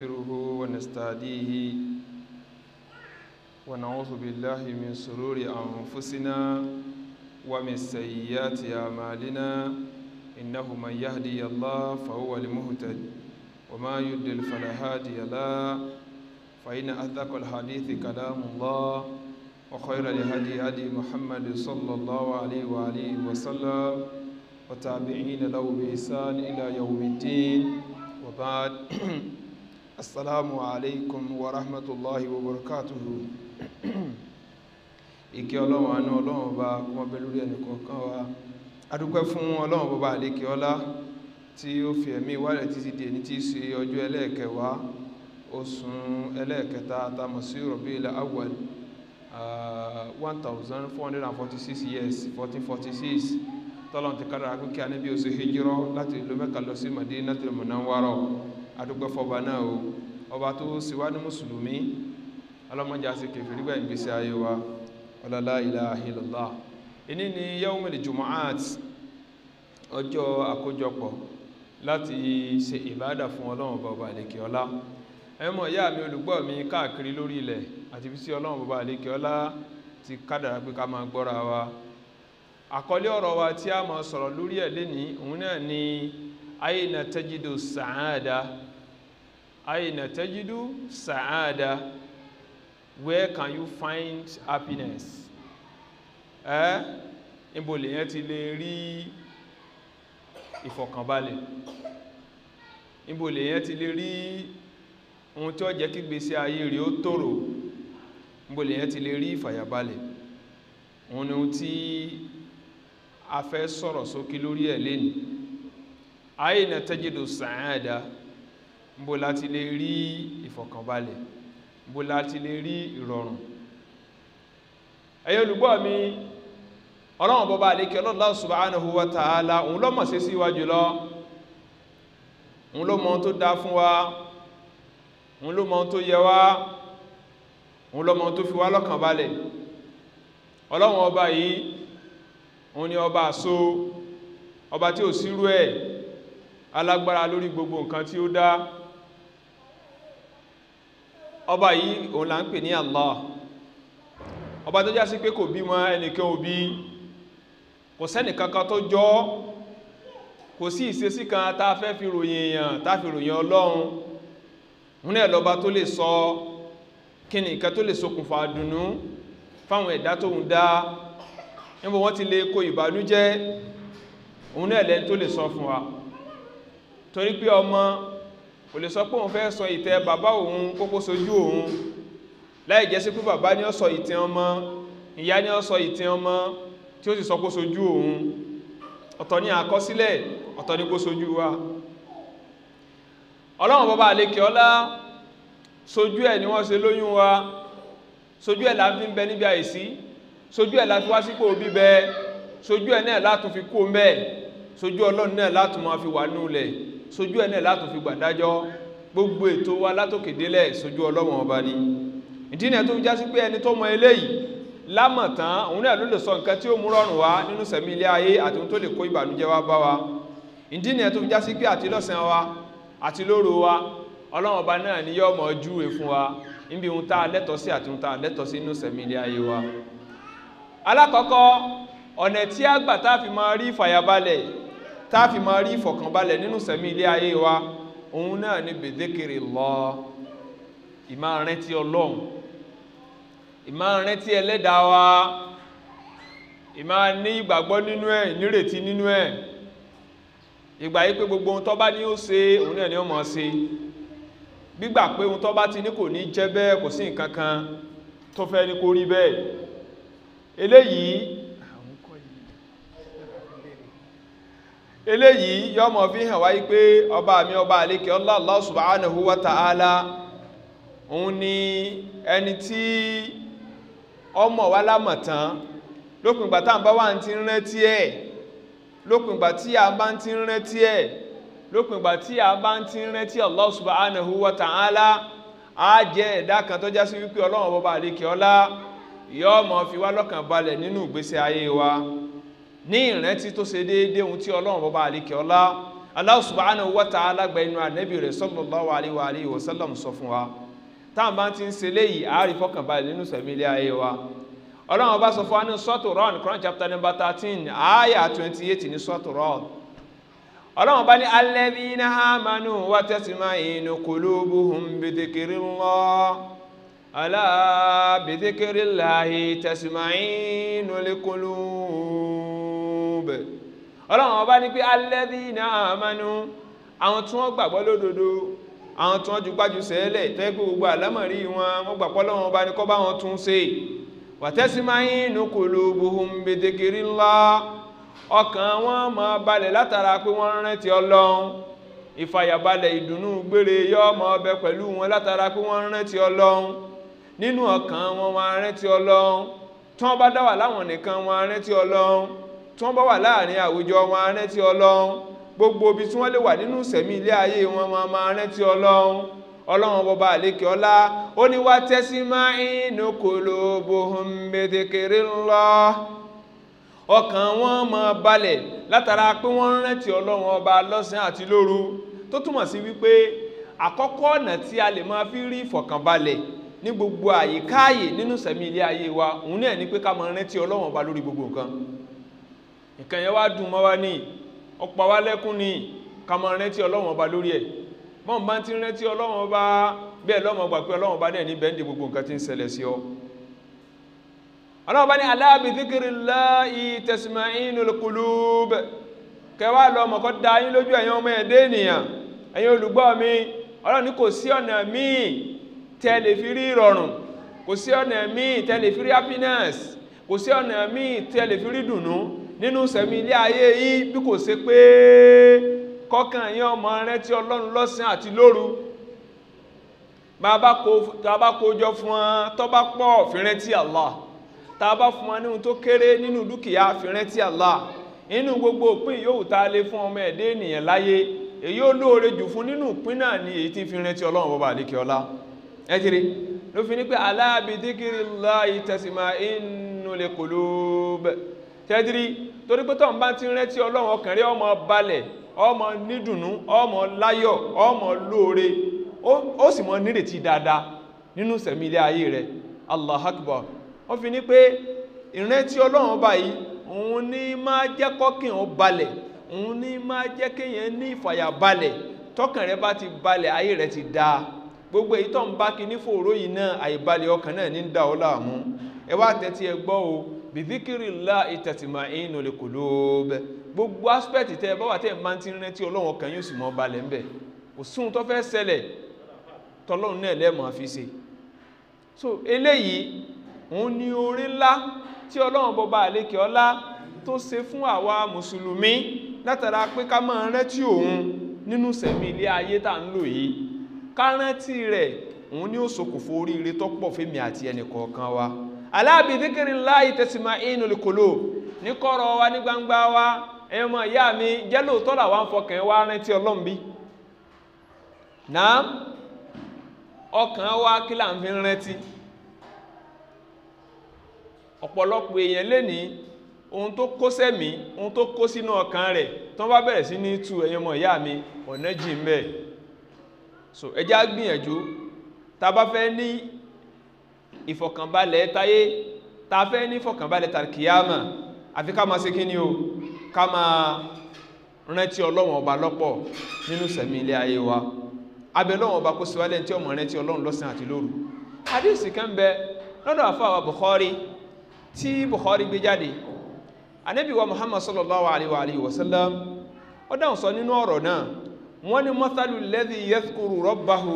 نستغفره ونستهديه ونعوذ بالله من سرور أنفسنا ومن سيئات أعمالنا إنه من يهدي الله فهو المهتد وما يدل فلا هادي له فإن أصدق الحديث كلام الله وخير الهدي هدي محمد صلى الله عليه وآله وسلم وتابعين له بإحسان إلى يوم الدين وبعد asalaamu alaikum wa rahmatulahi wa barakatuhu ìkẹ́ ọlọ́run àánú ọlọ́run ọba kọmọ bẹ lórí ẹnìkọ̀ọ̀kan wa adúpẹ́ fún ọlọ́run bọba àlékè ọlá tí ó fi ẹ̀mí ìwádìí títí di ẹni tí í ṣe ọjọ́ ẹlẹ́ẹ̀kẹwàá oṣù ẹlẹ́ẹ̀kẹta tamọ̀ sí Rabiul Awwal one thousand four hundred and forty six years fourteen forty six tọ́lọ́n ti kára pé kí a níbi oṣù hijrọ́ láti ìlú Mẹ́kà lọ sí Madinatul Munawwara adúgbẹ́fọba náà o ọba tó ṣíwá ní mùsùlùmí ọlọ́mọdé àti kèfèrí gbà ìgbésí ayé wa ọlọ́lá ilaha illallah ìní ni yawmul jumu'at ọjọ́ àkójọpọ̀ láti se ìbádà fún ọlọ́run bàbá àlèkè ọlá ẹmọ ìyá mi olùgbọ́ mi káàkiri lórí ilẹ̀ àti fi sí ọlọ́run bàbá àlèkè ọlá ti kádàrá pé ká máa ọ̀rọ̀ wa tí a máa sọ̀rọ̀ lórí ẹ̀ lénìí òun náà ni aina tajidu sa'ada aina tajidu sa'ada where can you find happiness eh níbo lèyàn ti lè rí ìfọ̀kànbalẹ̀ níbo lèyàn ti lè rí ohun tí ó jẹ́ kí gbèsè ayé rí ó tòrò níbo lèyàn ti lè rí ìfàyàbalẹ̀ òun ni ohun tí a fẹ́ sọ̀rọ̀ sókè lórí ẹ̀ lénìí àyìnà tẹ́jìdò sàáàdá mbó láti lè rí ìfọ̀kànbalẹ̀ mbó láti lè rí ìrọ̀rùn ẹ̀yẹ olùgbọ́ mi ọlọ́run bọba àlékẹ́ Allah subhanahu wa ta'ala òun ló mọ̀ sí síwájú lọ òun ló mọ̀ tó dá fún wa òun ló mọ̀ tó yẹ wá òun ló mọ̀ tó fi wá lọ́kàn balẹ̀ ọlọ́run ọba yìí òun ni ọba àso ọba tí ò sírú ẹ̀ alágbára lórí gbogbo nǹkan tí ó dá ọba yìí òun là ń pè ní Allah ọba tó já sí pé kò bímọ ẹnìkan òbí kò sẹ́nìkankan tó jọ kò sí ìṣesí kan tá a fẹ́ fi ròyìn èèyàn tá a fi ròyìn ọlọ́run múnẹ̀ lọ́ba tó lè sọ kí ni tó lè ṣokùnfà dùnnú fáwọn ẹ̀dá tóun dá níbo wọ́n ti lè kó ìbànújẹ́ òun náà lẹ́ni tó lè sọ fún wa torí pé ọmọ kò lè sọ pé òun fẹ́ sọ ìtẹ́ bàbá òun kókó sojú òun láì jẹ́ sí pé bàbá ní ó sọ ìtẹ́ ọmọ ìyá ní ó sọ ìtẹ́ ọmọ tí ó sì sọ kó sojú òun ọ̀tọ̀ ní àkọsílẹ̀ ọ̀tọ̀ ní kó sojú wa ọlọ́run bàbá àlekè ọlá sojú ẹ̀ ni wọ́n ṣe lóyún wa sojú ẹ̀ la fi ń bẹ níbi àìsí sojú ẹ̀ la fi wá sípò bíbẹ sojú ẹ̀ náà látún fi kó mẹ́ẹ̀ sojú ọlọ́run náà látún máa fi wà nú lẹ̀ sojú ẹ̀ náà látò fi gbàdájọ́ gbogbo ètò wa látòkè délẹ̀ sojú ọlọ́wọ̀n ọba ni ìdí náà tó fi já sí pé ẹni tó mọ eléyìí lámọ̀tán òun náà ló lè sọ nǹkan tí ó mú rọrùn wá nínú sẹ̀mí ilé ayé àti ohun tó lè kó ìbànújẹ́ wá bá wa ìdí náà tó já sí pé àti lọ́sàn wa àti lóru wa ọlọ́wọ̀n ọba náà ni yọ́ mọ̀ júwe fún wa níbi ohun tá a lẹ́tọ̀ọ́ sí àti ohun tá a lẹ́tọ̀ọ́ sí nínú sẹ̀mí ilé ayé wa alákọ̀ọ́kọ́ ọ̀nà tí a gbà tá a fi máa rí ìfàyàbalẹ̀ táàfì máa rí ìfọ̀kànbalẹ̀ nínú sẹ̀mí ilé ayé wa òun náà ni bèdékèrè lọ ìmá rántí ọlọ́run ìmá rántí ẹlẹ́dàá wa ìmá ní ìgbàgbọ́ nínú ẹ̀ nírètí nínú ẹ̀ ìgbà yí pé gbogbo ohun tó bá ó ṣe òun náà ni ó mọ̀ ṣe gbígbà pé ohun tó bá ti ní kò ní jẹ́ bẹ́ẹ̀ kò sí nǹkan kan tó fẹ́ ní kó rí bẹ́ẹ̀ eléyìí eléyìí yọmọ fi hàn wáyé pé ọba mi ọba àlékè Allah subhanahu òun ni ẹni tí ọmọ wa lámọ̀tán lópin tá à ń bá wà ń ti rántí ẹ̀ lópin tí a bá ń ti rántí ẹ̀ lópin tí a bá ń ti rántí Allah subhanahu wa á jẹ́ ẹ̀dá ọba ọlá yọmọ fi wá lọ́kàn balẹ̀ nínú ìgbésí ní ìrántí tó ṣe déédéé ohun tí ọlọ́run bọ́ba àlékè ọlá Allah subhanahu wa inú ànábì rẹ̀ sọ fún wa táwọn bá ti ń ṣe léyìí àárí fọkànbalẹ̀ nínú sẹ̀mí ilé ayé wa ọlọ́run ọba ní rọ́ọ̀n chapter number thirteen àáyà twenty eight ní rọ́ọ̀n ọlọ́run ní bẹ̀ ọlọ́run ọba ní pé alladhina amanu àwọn tí wọ́n gbàgbọ́ lódodo àwọn tí wọ́n ju gbájú sẹ́lẹ̀ tẹ́ pé gbogbo àlámọ̀rí wọn wọ́n gbà pé ọlọ́run ọba ní kó bá wọn tún ṣe watasimainu qulubuhum bi dhikrillah ọkàn wọn máa balẹ̀ látara pé wọ́n rántí ọlọ́run ìfàyàbalẹ̀ ìdùnnú gbére yọ́ ọmọ ọbẹ̀ pẹ̀lú wọn látara pé wọ́n rántí ọlọ́run nínú ọkàn wọn wọn tí wọ́n bá wà láàrin àwùjọ wọn rántí ọlọ́run gbogbo ibi tí wọ́n lè wà nínú ìṣẹ̀mí ilé ayé wọn wọn máa rántí ọlọ́run ọlọ́run bọba àlékè ọlá ó ní wá tẹ́sí máa inú kulubuhum bi dhikrillah ọkàn wọn mọ balẹ̀ látara pé wọ́n rántí ọlọ́run ọba lọ́sàn àti lóru tó túmọ̀ sí wípé àkọ́kọ́ ọ̀nà tí a lè máa fi rí ìfọ̀kànbalẹ̀ ní gbogbo àyíkáàyè nínú ìṣẹ̀mí ilé ayé wa òun náà ni pé ká máa rántí ọlọ́run ọba lórí gbogbo nǹkan nǹkan yẹn wá dùn mọ́ wa ní ọ̀pá wa lẹ́kún ní ká máa rántí ọlọ́run ọba lórí ẹ̀ mọ́ n bá ti rántí ọlọ́run ọba bẹ́ẹ̀ lọ́mọ gbà pé ọlọ́run ọba náà ní bẹ́ẹ̀ ń di gbogbo nǹkan tí ń ṣẹlẹ̀ sí ọ ọlọ́run ọba ní alá bi dhikrillahi tasma'innul qulub kẹwàá lọ́mọ kọ́ da yín lójú ẹ̀yin ọmọ ẹ̀dẹ́ ènìyàn ẹ̀yin olùgbọ́ mi ọlọ́run ní kò sí ọ̀nà míì tẹ́ lè fi rí ìrọ̀rùn kò sí ọ̀nà míì tẹ́ lè fi rí happiness kò sí ọ̀nà míì tẹ́ lè fi rí dùnú nínú sẹ̀mí ilé ayé yìí bí kò ṣe pé kọ́kàn yín ọmọ rántí ọlọ́run lọ́sàn àti lóru bàbá kó jọ fún wọn tó bá pọ̀ fi rántí Allah tá bá fún wọn níhun tó kéré nínú dúkìá fi rántí Allah inú gbogbo òpin yóò ta lé fún ọmọ ẹ̀dẹ́ ènìyàn láyé èyí ó lóore jù fún nínú òpin náà ni èyí tí fi ọlọ́run bọ́bà àlékè ọlá ẹ̀tìrí ló fi ní pé aláàbìdíkìrì láì tẹ̀sìmá inú lè kòlóòbẹ̀ tẹ́dírí torí pé tọ́n bá ti rántí ọlọ́run ọkàn rẹ ọmọ balẹ̀ ọmọ nídùnnú ọmọ láyọ̀ ọmọ lóore ó sì mọ nírètí dáadáa nínú sẹ̀mí ilé ayé rẹ̀ allah akbar ó fi ní pé ìrántí ọlọ́run ọba yìí òun ní máa jẹ́ kọ́kàn ó balẹ̀ òun ní máa jẹ́ kéèyàn ní ìfàyà balẹ̀ tọ́kàn rẹ bá ti balẹ̀ ayé rẹ̀ ti dáa gbogbo èyí tó ń bá kí ní fòòró yìí náà àìbalẹ̀ ọkàn náà ní ń dá ọ láàmú ẹ wá tẹ́tí ẹ gbọ́ o bìdíkìrì lá ìtẹ̀tìmà inú lè kòlóòbẹ gbogbo aspect tẹ́ bá tẹ́ máa ti rìn tí ọlọ́run ọkàn yóò sì mọ́ balẹ̀ ńbẹ̀ òsùn tó fẹ́ ṣẹlẹ̀ tọlọ́run náà lẹ́mọ̀ fi ṣe so eléyìí òun ni orí ńlá tí ọlọ́run bọba àlékè ọlá tó ṣe fún àwa mùsùlùmí látara pé ká máa rántí òun nínú sẹ̀mí ilé ayé tá ń lò yìí ká rántí rẹ̀ òun ni ó ṣokùnfò oríire tọ́pọ̀ fẹ́mi àti ẹnìkọ̀ọ̀kan wa alaabi zikiri nla tẹsi ma inu likolo ni kɔrɔ wa ni gbangba wa ɛmɔ ya mi jɛlo tɔla wa nfɔkɛ wa rɛnti ɔlɔn bi na ɔkan wa kila nfin rɛnti ɔpɔlɔpɔ yɛn lɛni ohun to kó sɛmi ohun to kó sinu ɔkan rɛ tɔn bá si n'itu tu ɛyɛ mɔ ya mi ɔnɛji mbɛ so ɛdí agbìyànjú tabafɛ ni. ìfọ̀kànbalẹ̀ táyé ta fẹ́ ní ìfọ̀kànbalẹ̀ tàkìyàmà àfi ká máa ṣe kí ni o ká máa rántí ọlọ́run ọba lọ́pọ̀ nínú sẹ̀mí ilé ayé wa abẹ lọ́run ọba kó síwálẹ̀ tí ọmọ rántí ọlọ́run lọ́sàn àti lóru hadisi kan bẹ lọ́dọ̀ àfáwà Bukhari tí Bukhari gbé jáde anabi wa Muhammad sallallahu alaihi wa sallam ó dáhùn sọ nínú ọ̀rọ̀ náà wọ́n ní mathalu alladhi yadhkuru rabbahu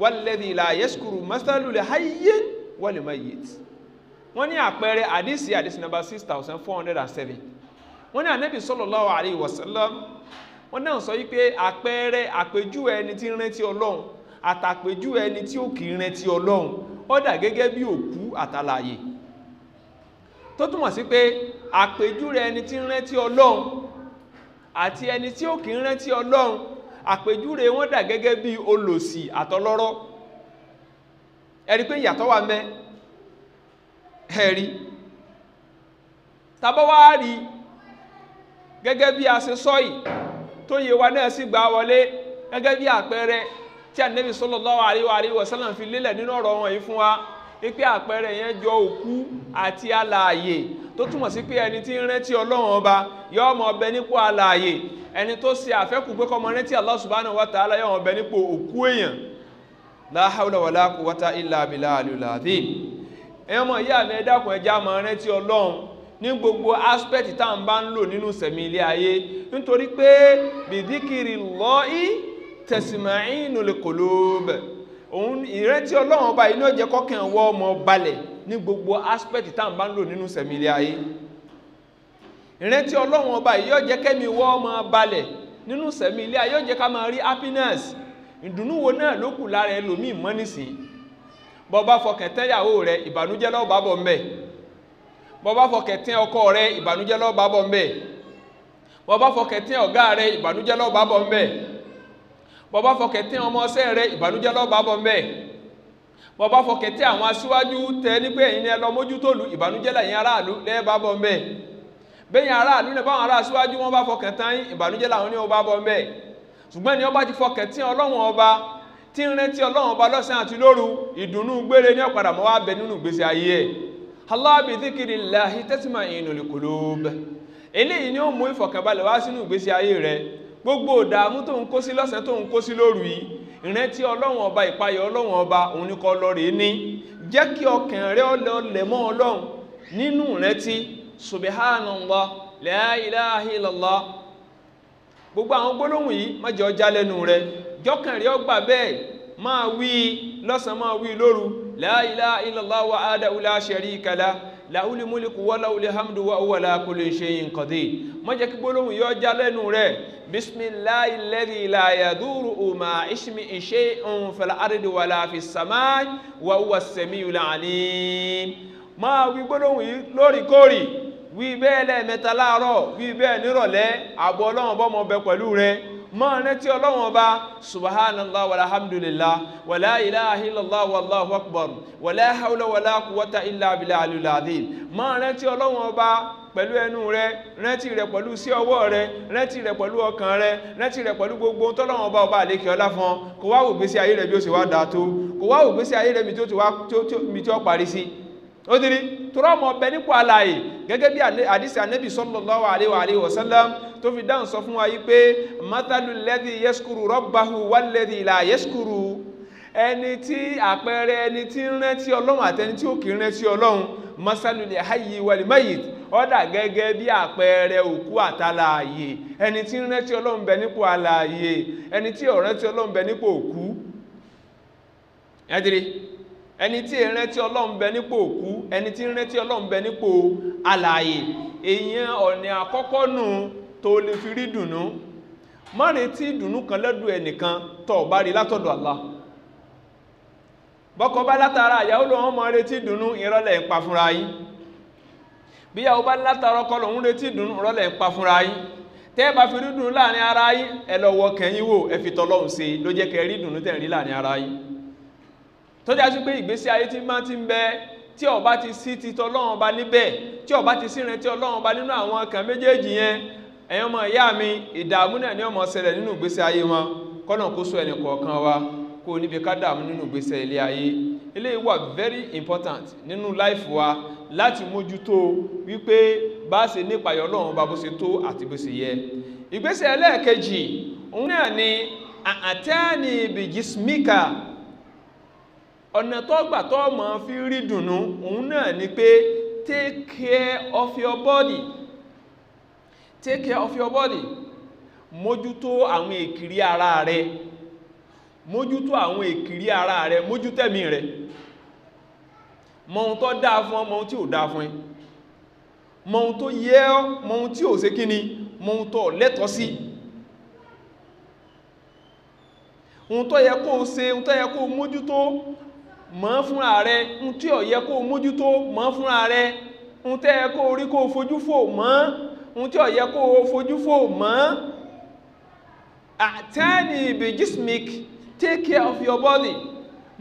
walladhi la yashkuru mathalu li hayyin wal mayyit wọ́n ní àpẹẹrẹ àdìsí àdìsí nàbà 6407 wọ́n ní ànábì sallallahu alayhi wa sallam wọ́n náà sọ wípé àpẹẹrẹ àpèjúwe ẹni tí ń rántí ọlọ́run àtàpèjúwe ẹni tí ò kì í rántí ọlọ́run ó dà gẹ́gẹ́ bí òkú àtàlàyé tó túmọ̀ sí pé àpèjúwe ẹni tí ń rántí ọlọ́run àti ẹni tí ò kì í rántí ọlọ́run àpèjúwe wọn dà gẹ́gẹ́ bí olòṣì àtọlọ́rọ́ ẹ̀rí pé ìyàtọ̀ wà mẹ́ ẹ̀rí tàbọ́ wá rí gẹ́gẹ́ bí a ṣe sọ́yì tó yẹ wa náà sì gbà wọlé gẹ́gẹ́ bí àpẹẹrẹ tí Ànábì sallallahu alaihi wa sallam fi lélẹ̀ nínú ọ̀rọ̀ wọn yìí fún wa pé àpẹẹrẹ yẹn jọ òkú àti alààyè tó túmọ̀ sí pé ẹni tí ń rántí ọlọ́run ọba yọ ọmọ ọbẹ nípò alààyè ẹni tó ṣe àfẹ́kù pé kọmọ rántí Allah subhanahu wa ta'ala yọ ọmọ ọbẹ nípò òkú èèyàn la hawla wala quwwata illa billahil azim ẹ̀yọ́ mọ̀ ìyá mi ẹ dákun ẹja mọ̀ rántí ọlọ́run ní gbogbo aspect tá à ń bá ń lò nínú sẹ̀mí ilé ayé nítorí pé bìdíkìrì lọ́í tasma'inul qulub òun ìrántí ọlọ́run ọba iná jẹ́ kọ́kàn wọ́ ọmọ balẹ̀ ní gbogbo aspect tá à ń ìdùnnú wo náà ló kù lára ẹlòmíì mọ́ nísìn bọba fọkàn tẹ́ ìyàwó rẹ ìbànújẹ́ ló bá bọ̀ ńbẹ̀ bọba fọkàn tẹ́ ọkọ rẹ ìbànújẹ́ ló bá bọ̀ ńbẹ̀ bọba fọkàn tẹ́ ọ̀gá rẹ ìbànújẹ́ ló bá bọ̀ ńbẹ̀ bọba fọkàn tẹ́ ọmọ ọsẹ́ rẹ ìbànújẹ́ ló bá bọ̀ ńbẹ̀ bọba àwọn aṣíwájú tẹ nígbà ẹ̀yin ẹ lọ mójútòlù ìbànújẹ́ lẹ́yìn aráàlú lẹ́ẹ̀ bá bọ̀ bẹ́yìn aráàlú lẹ́ẹ̀ báwọn aráàṣíwájú wọn bá fọkàn ìbànújẹ́ làwọn ní ó bá ṣùgbọ́n ẹni ọba ti fọkẹ̀ tí ọlọ́run ọba tí ń rántí ọlọ́run ọba lọ́sàn àti lóru ìdùnnú gbére ní ọ̀padà mọ́ wá bẹ nínú ìgbésí ayé ẹ̀ Allah bi dhikrillahi tatma'innul qulub eléyìí ni ó mú ìfọ̀kànbalẹ̀ wá sínú ìgbésí ayé rẹ̀ gbogbo ìdààmú tó ń kó sí lọ́sàn tó ń kó sí lóru yìí ìrántí ọlọ́run ọba ìpayọ̀ ọlọ́run ọba òun ní kọ́ lọ rèé ní jẹ́ kí ọkàn rẹ̀ ọlọ́lẹ̀ mọ́ ọlọ́run nínú ìrántí subhanallah la ilaha illallah gbogbo àwọn gbólóhùn yìí má jẹ́ ó já lẹ́nu rẹ jọ́kàn rí ọgbà bẹ́ẹ̀ máa wí lọ́sàn máa wí lóru la ilaha illallah wa adahu la sharika lah láhúlì múlìkù wọ́lá olè hamdu wa wọ́lá kò lè ṣe ìǹkọ̀dé má jẹ́ kí gbólóhùn yọ já lẹ́nu rẹ̀ bismillahi lẹ́dí láyàdúrù ọmọ ìṣmi ìṣe ń fẹ̀lá wà láàfi sàmá wà wà sẹ̀mí yìí máa wí gbólóhùn yìí lóòrèkóòrè wí bẹ́ẹ̀ lẹ́ẹ̀mẹ́ta láàárọ̀ wí bẹ́ẹ̀ nírọ̀lẹ́ àbọ̀ ọlọ́run bọ́ mọ́ bẹ pẹ̀lú rẹ máa rántí ọlọ́run ọba subhanallah walhamdulillah wala ilaha illallah wallahu akbar wala hawla wala quwwata illa billahi alil azim máa rántí ọlọ́run ọba pẹ̀lú ẹnu rẹ rántí rẹ pẹ̀lú sí ọwọ́ rẹ rántí rẹ pẹ̀lú ọkàn rẹ rántí rẹ pẹ̀lú gbogbo tọ́lọ́wọ́n ọba ọba àlékè ọlá fún kò wá wò gbésí ayé rẹ bí ó ṣe wá dáa tó kò wá wò gbésí ayé rẹ mi tí ó parí sí ó dirí tọrọ ọmọ ọbẹ nípò alààyè gẹ́gẹ́ bí àdìsí anabi sallallahu alaihi wa alihi wa sallam tó fi dáhùn sọ fún wa yìí pé mathalu alladhi yashkuru rabbahu walladhi la yashkuru ẹni tí àpẹẹrẹ ẹni tí ń rántí ọlọ́run àtẹni tí ó kì í rántí ọlọ́run masalu li hayyi wal mayyit ó gẹ́gẹ́ bí àpẹẹrẹ òkú àtàlàyé ẹni tí ń rántí ọlọ́run bẹ nípò alààyè ẹni tí ó ọlọ́run bẹ nípò òkú ẹdìrí ẹni tí ń rántí ọlọ́run bẹ nípò òkú ẹni tí ń rántí ọlọ́run bẹ nípò alààyè èèyàn ọ̀nà àkọ́kọ́ nù tó lè fi rí dùnú má retí dùnú kan lẹ́dùn ẹnìkan tó bá rí látọ̀dọ̀ Allah bọ́kọ bá látara àyàwó lòun mọ retí dùnú ìrọ́lẹ̀ ń pa fúnra yín bíyàwó bá látara ọkọ lòun retí dùnú ìrọ́lẹ̀ ń pa fúnra yín tẹ́ bá fi rí dùnú láàrin ara yín ẹ lọ wo kẹ́yìn wò ẹ fi tọlọ́hun ṣe ló jẹ́ kẹ́ rí dùnú tẹ́ rí láàrin ara yín tó já sí pé ìgbésí ayé tí máa ti ń bẹ tí ó bá ti sí ti tọlọ́run ọba níbẹ̀ tí ó bá ti sí ìrántí ọlọ́run ọba nínú àwọn ọkàn méjèèjì yẹn ẹ̀yin ọmọ ìyá mi ìdààmú náà ni ó máa ṣẹlẹ̀ nínú ìgbésí ayé wọn kọ́nà kó so ẹnì kọ̀ọ̀kan wa kó níbi ká dààmú nínú ìgbésí ilé ayé eléyìí wà very important nínú life wa láti mójútó wípé bá ṣe nípayọ̀ ọlọ́run ọba bó ṣe tó àti bó ṣe yẹ ìgbésí ẹlẹ́ẹ̀kejì òun náà ni àtẹ́ni bìjísmíkà ọ̀nà tó gbà tó mọ̀ fi rí dùnú òun náà ni pé take care of your body take care of your body mójútó àwọn èkìrí ara rẹ mójútó àwọn èkìrí ara rẹ mójútẹ́mí rẹ mọ ohun tó dáa fún ọ mọ ohun tí ò dáa fún ẹ mọ ohun tó yẹ ọ mọ ohun tí ò ṣe kíni mọ ohun tó lẹ́tọ̀ọ́ sí ohun tó yẹ kó o ṣe ohun tó yẹ kó o mójútó mọ́ fúnra rẹ̀ ń tí ó yẹ kó mójútó mọ́ fúnra rẹ̀ ń tẹ́ ẹ kó rí kó fojú fò mọ́ ń tí ó yẹ kó fojú fò mọ́ àtẹ́ni bejismic take care of your body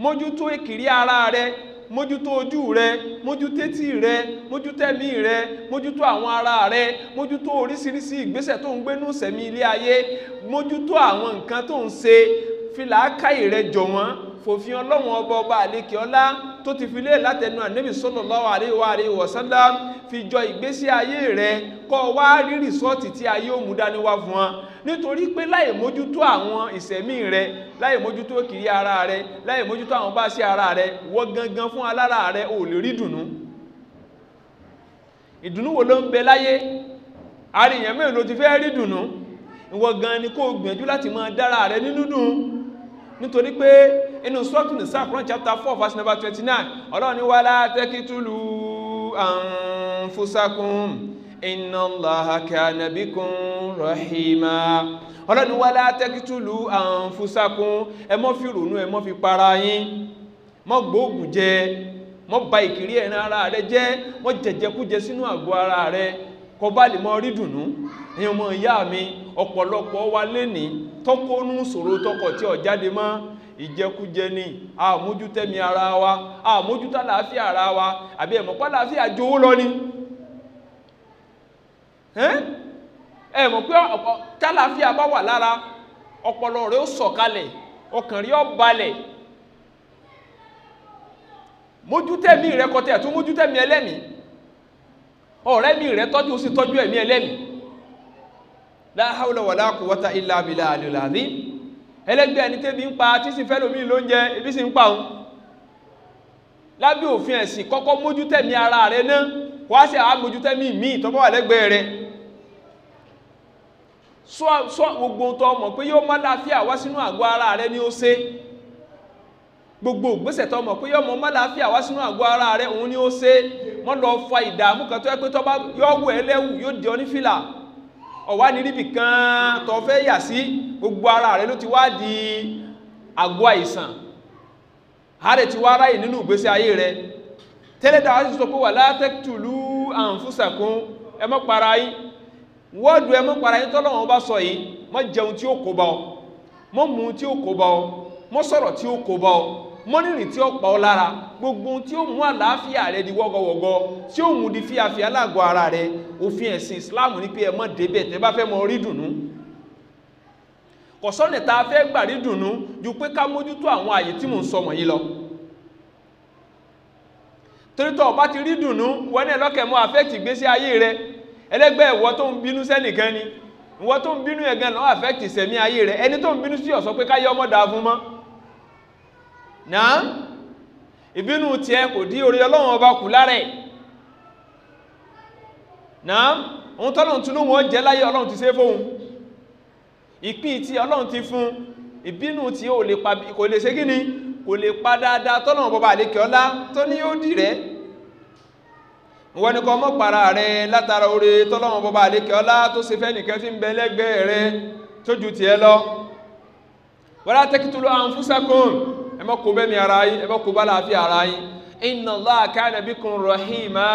mójútó ìkìrí ara rẹ̀ mójútó ojú rẹ̀ mójútó etí rẹ̀ mójútó ẹ̀mí rẹ̀ mójútó àwọn ara rẹ̀ mójútó oríṣiríṣi ìgbésẹ̀ tó ń gbénú sẹ̀mí ilé ayé mójútó àwọn nǹkan tó ń ṣe fi làákàyè rẹ̀ jọ fòfin ọlọ́wọ́n ọba ọba àlekè ọlá tó ti fi lé látẹnu ànábì sallallahu alaihi wa alihi wa sallam fi jọ ìgbésí ayé rẹ kọ́ wá rí rìsọ́ọ̀tì tí ayé ò mú dání wá fún wa nítorí pé láì mójútó àwọn ìsẹ̀mí rẹ láì mójútó kiri ara rẹ láì mójútó àwọn bá sí ara rẹ wọ́n gangan fún alára rẹ ò lè rí dùnú ìdùnnú wo ló ń bẹ láyé àríyàn mẹ́rin ló ti fẹ́ rí dùnú ìwọ gan ni kó gbìyànjú láti máa dára rẹ nínú dùn nítorí pé inú sọ́ọ̀tù nìsá Quran chapter four verse number twenty nine ọlọ́run ní wàlá tẹ́kítúlù ànfúsákùn inna Allaha kana bikum rahima ọlọ́run ní wàlá tẹ́kítúlù ànfúsákùn ẹ mọ́ fi rònú ẹ mọ́ fi para yín mọ́ gbóògùn jẹ mọ́ ba ìkìrí ẹ̀ràn ara rẹ jẹ́ mọ́ jẹjẹkújẹ sínú àgọ́ ara rẹ kọ bá lè mọ rí dùnú ẹ̀yin ọmọ ìyá mi ọ̀pọ̀lọpọ̀ wa lé tọ́kọ́nú sòro tọkọ̀ tí ọ̀ jáde mọ́ ìjẹkújẹ ni àmójútẹ́mi ara wa àmójútà láàáfíà ara wa àbí ẹ̀mọ̀pá láàáfíà jowó lọ ni ẹ̀mọ̀ pé tálàáfíà bá wà lára ọpọlọ rẹ̀ ó sọ̀kalẹ̀ ọkàn rẹ̀ ó balẹ̀ mójútẹ́mi rẹ̀ kọtẹ̀ tó mójútẹ́mi ẹlẹ́mìí ọ̀rẹ́ mi rẹ̀ tọ́jú sí tọ́jú ẹ̀mí ẹlẹ́mìí la hawla wala quwwata illa billahi al ẹlẹ́gbẹ́ ẹni tẹ́bi ń pa tí sì fẹ́ lómi ló ń jẹ ibi sì ń pa òun lábẹ́ òfin ẹ̀sìn kọ́kọ́ mójútẹ́mi ara rẹ náà wá sí àwọn mójútẹ́mi míì tó bá wà lẹ́gbẹ̀ẹ́ rẹ sọ gbogbo tó mọ̀ pé yóò má láfíà wá sínú àgọ́ ara rẹ ni ó ṣe gbogbo ìgbésẹ̀ tó mọ̀ pé yóò mọ̀ má láfíà wá sínú àgọ́ ara rẹ òun ni ó ṣe mọ́ lọ fa ìdààmú kan tó yẹ pé tó bá yọ wù ẹ́ lẹ́wù yóò di onífìlà ọ̀wá níríbì kan tó fẹ́ yà sí gbogbo ara rẹ̀ ló ti wá di àgọ́ àìsàn ààrẹ ti wá ráyè nínú ìgbésí ayé rẹ̀ tẹ́lẹ̀dà á sì sọ pé wà látẹ́kùtùlú àǹfúsàkún ẹ má para yín wọ́ọ̀dù ẹ má tọ́lọ́wọ́n bá sọ yìí má jẹun tí ó kó bá ọ má mu tí ó kó bá ọ má sọ̀rọ̀ tí ó kó bá ọ mọ́nìrìn tí ó pa ọ lára gbogbo tí ó mú àlàáfíà rẹ di wọ́gọwọ́gọ tí ó mú di fíafíà lágọ̀ ara rẹ òfin ẹ̀sìn Islam ní pé ẹ má débẹ̀ tẹ́ bá fẹ́ mọ rí dùnú kọ̀sọ́nà tá a fẹ́ gbà rí dùnú ju pé ká mójútó àwọn àyè tí mò ń sọ wọ̀nyí lọ torítọ̀ ọba ti rí dùnú wọ́n ní ẹlọ́kẹ̀ mọ́ àfẹ́tì gbésí ayé rẹ ẹlẹ́gbẹ́ ìwọ tó ń bínú sẹ́nìkan ni ìwọ tó ń bínú ẹ̀gán lọ́wọ́ àfẹ́tì sẹ̀mí ayé rẹ ẹni tó ń bínú sí ọ̀sọ́ pé káyé ọmọ dàá fún mọ́ náà ìbínú tiẹ̀ kò dí orí ọlọ́run ọba kù lára ẹ̀ náà òun tọ́lọ́run tún lóun jẹ́ láyé ọlọ́run ti ṣe fóun ìpín tí ọlọ́run ti fún ìbínú tí ó lè pa kò lè ṣe gíní kò lè pa dáadáa tọ́lọ́run bọ́bá àlékẹ́ ọlá tó ní ó dì rẹ́ wọ́n ní kọ́ mọ́ para látara oore tọ́lọ́run bọ́bá àlékẹ́ ọlá tó ṣe fẹ́nìkẹ́ tí ń bẹ lẹ́gbẹ̀ẹ́ rẹ tójú tiẹ̀ lọ wala taqtulu anfusakum ẹ má kó bẹ́mi ara yín ẹ má kó bá láàfin ara yín inna Allaha kana bikum rahima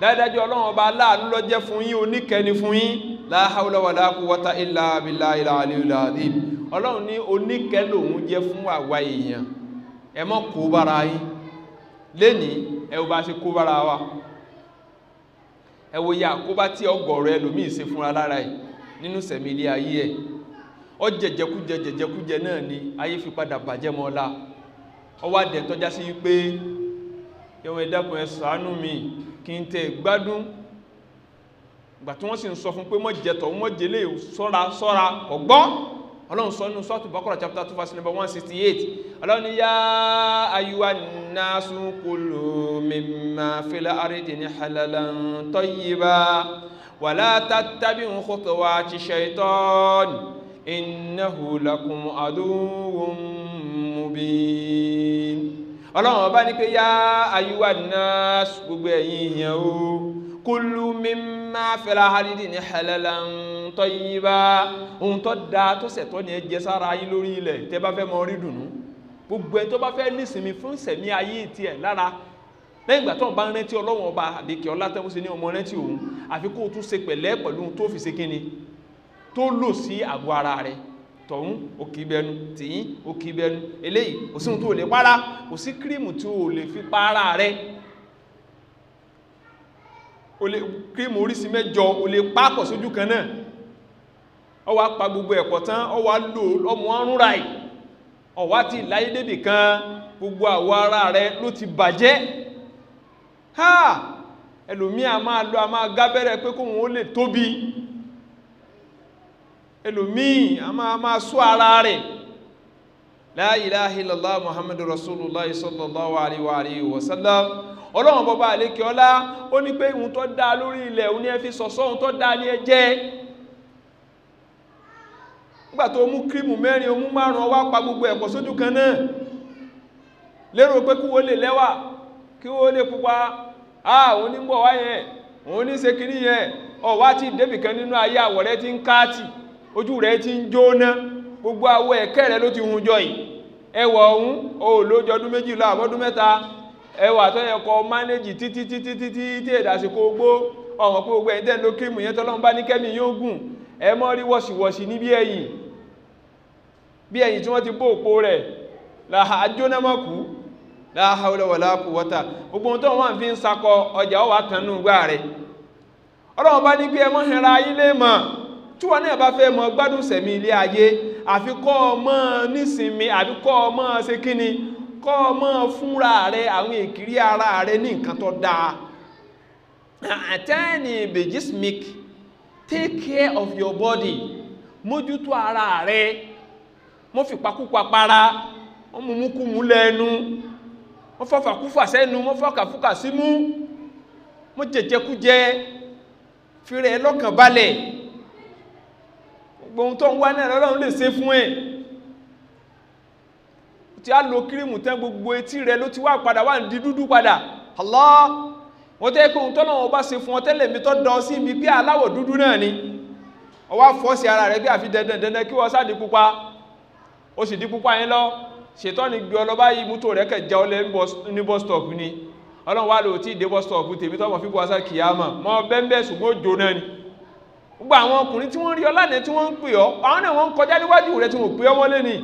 dájájú ọlọ́run ọba aláàánú ló jẹ́ fún yín oníkẹ́ni fún yín la hawla wala quwwata illa billahil aliyyil azim ọlọ́run ní oníkẹ́ lòun jẹ́ fún àwa èèyàn ẹ má kó bára yín lénìí ẹ wo bá ṣe kó bára wa ẹ wo àkóbá tí ọgọ̀rọ̀ ẹlòmíì ṣe fúnra lára ẹ nínú sẹ̀mí ilé ayé ẹ̀ ọ jẹjẹkújẹ jẹjẹkújẹ náà ni ayé fi padà bàjẹ́ mọ́ ọlá ọwá dẹ̀ tọ́já sí wípé ẹwọ ẹ̀dàkùn ẹ mi kí n tẹ gbádùn gbà tí wọ́n sì ń sọ fún pé mọ́jẹtọ̀ mọ́jẹlé sọ́ra sọ́ra ọ̀gbọ́ ọlọ́run sọ nínú sọ́ọ̀tù Baqara chapter two verse number 168 ọlọ́run ni yá ayúwa nasu kulu mimma fil ardi halalan tayyiba wala tattabi'u khutuwati shaytan innahu lakum aduwwun mubin ọlọ́run ọba ní pé yá ayúwà náà gbogbo ẹ̀yin èèyàn o kullu mimma fil ardi ní halalan tayyiba ohun tó da tó sẹ̀tọ́ ni ẹ jẹ sára yín lórí ilẹ̀ tẹ́ bá fẹ́ mọ rí dùnú gbogbo ẹni tó bá fẹ́ nísinmi fún sẹ̀mí ayé tiẹ̀ lára lẹ́yìn ìgbà tó ń bá ń rántí ọlọ́run ọba àdékè ọlá ní ọmọ rántí òun àfi kó o pẹ̀lẹ́ pẹ̀lú tó fi ṣe kíni tó lò sí àgọ́ ara rẹ̀ tọ̀hún òkè ibẹnu tìyín òkè ibẹnu eléyìí kò sí ohun tó lè para kò sí kírìmù tí o lè fi para rẹ̀ kírìmù oríṣi mẹ́jọ o lè pápọ̀ sójú kan náà ó wá pa gbogbo ẹ̀pọ̀ tán ó wá lò lọ́mọ ọrún ráì ó wá ti láyé débì kan gbogbo àwọ̀ ara rẹ̀ ló ti bàjẹ́ ha ẹlòmí a máa lọ a máa gábẹ́rẹ́ pé kóhun ó lè tóbi ẹlòmíì a máa máa sọ ara rẹ̀ la ilaha illallah muhammadu rasulullah sallallahu alaihi wa alihi wa sallam ọlọ́run bọba àlékè ọlá ó ní pé ohun tó dáa lórí ilẹ̀ òun ní ẹ fi sọ̀sọ́ ohun tó dáa ní ẹ jẹ nígbà tó mú kírímù mẹ́rin omú márùn-ún wá pa gbogbo ẹ̀pọ̀ sójú kan náà lérò pé kí wọ́n lè lẹ́wà kí wọ́n lè pupa ah òun ní bọ̀ wáyẹn òun ní ṣe kìíní yẹn ọ̀wá ti débìkan nínú ayé àwọ̀rẹ́ ti ń káàtì ojú rẹ̀ ti ń jóná gbogbo awọ ẹ̀kẹ́ ló ti hun ẹwà ọ̀hún o lójọ ọdún méjìlá àbọ́dún mẹ́ta ẹwà tó yẹ kó ti títí títí títí tí èdàsíkò gbó ọ̀wọ̀n pé gbogbo ẹ̀ńtẹ́ yẹn tọ́lọ́n bá ní kẹ́mì yóò ẹ mọ́ rí wọ́síwọ́sí ní bí ẹ̀yìn bí ẹ̀yìn tí wọ́n ti bó òpó rẹ̀ láha ajónámọ́kú láha olówọ̀lá kù wọ́ta gbogbo ohun tó wọ́n fi ń sakọ ọjà ọwà kanú rẹ̀ ọlọ́run bá ní pé ẹmọ́ hẹra tí wọ́n náà bá fẹ́ mọ gbádùn sẹ̀mí ilé ayé àfikọ́ ọmọ nísinmi àfikọ́ ọmọ ṣe kíni kọ́ ọmọ fúnra rẹ àwọn ìkìrí ara rẹ ní nǹkan tó dáa àtẹ́ni bejismic take care of your body mójútó ara rẹ mo fi pakúpa para wọ́n mú mú kú mú lẹ́nu wọ́n fọ́fàkúfà sẹ́nu wọ́n fọ́kàfúkà símú mo jẹjẹkújẹ fi rẹ̀ lọ́kàn balẹ̀ gbóhun tó ń wá náà lọ́lọ́run lè ṣe fún ẹ̀ tí a lo kírímù tẹ́ gbogbo etí rẹ ló ti wá padà wá ń di dúdú padà Allah wọ́n tẹ́ pé ohun tó náà wọ́n bá ṣe fún ọ tẹ́lẹ̀ mi tó dán sí mi bí aláwọ̀ dúdú náà ni ọwá fọ́ọ̀sì ara rẹ bí àfi dandan dandan kí wọ́n sáà di pupa ó sì di pupa yẹn lọ ṣètọ́ ni gbé ọlọ́bá yìí mútó rẹ̀ kẹ̀ já ọlẹ́ ní bus stop ni ọlọ́run wá lò tí ì dé bus stop tèmi tó mọ̀ fíbu wá sáà kìyàmọ̀ mọ́ bẹ́ẹ̀ bẹ́ẹ̀ ṣùgbọ́n òjò náà ni gbogbo àwọn ọkùnrin tí wọ́n rí ọ lánàá tí wọ́n ń pè ọ́ àwọn náà wọ́n ń kọjá níwájú rẹ̀ tí wọ́n pè ọ́ wọlé ni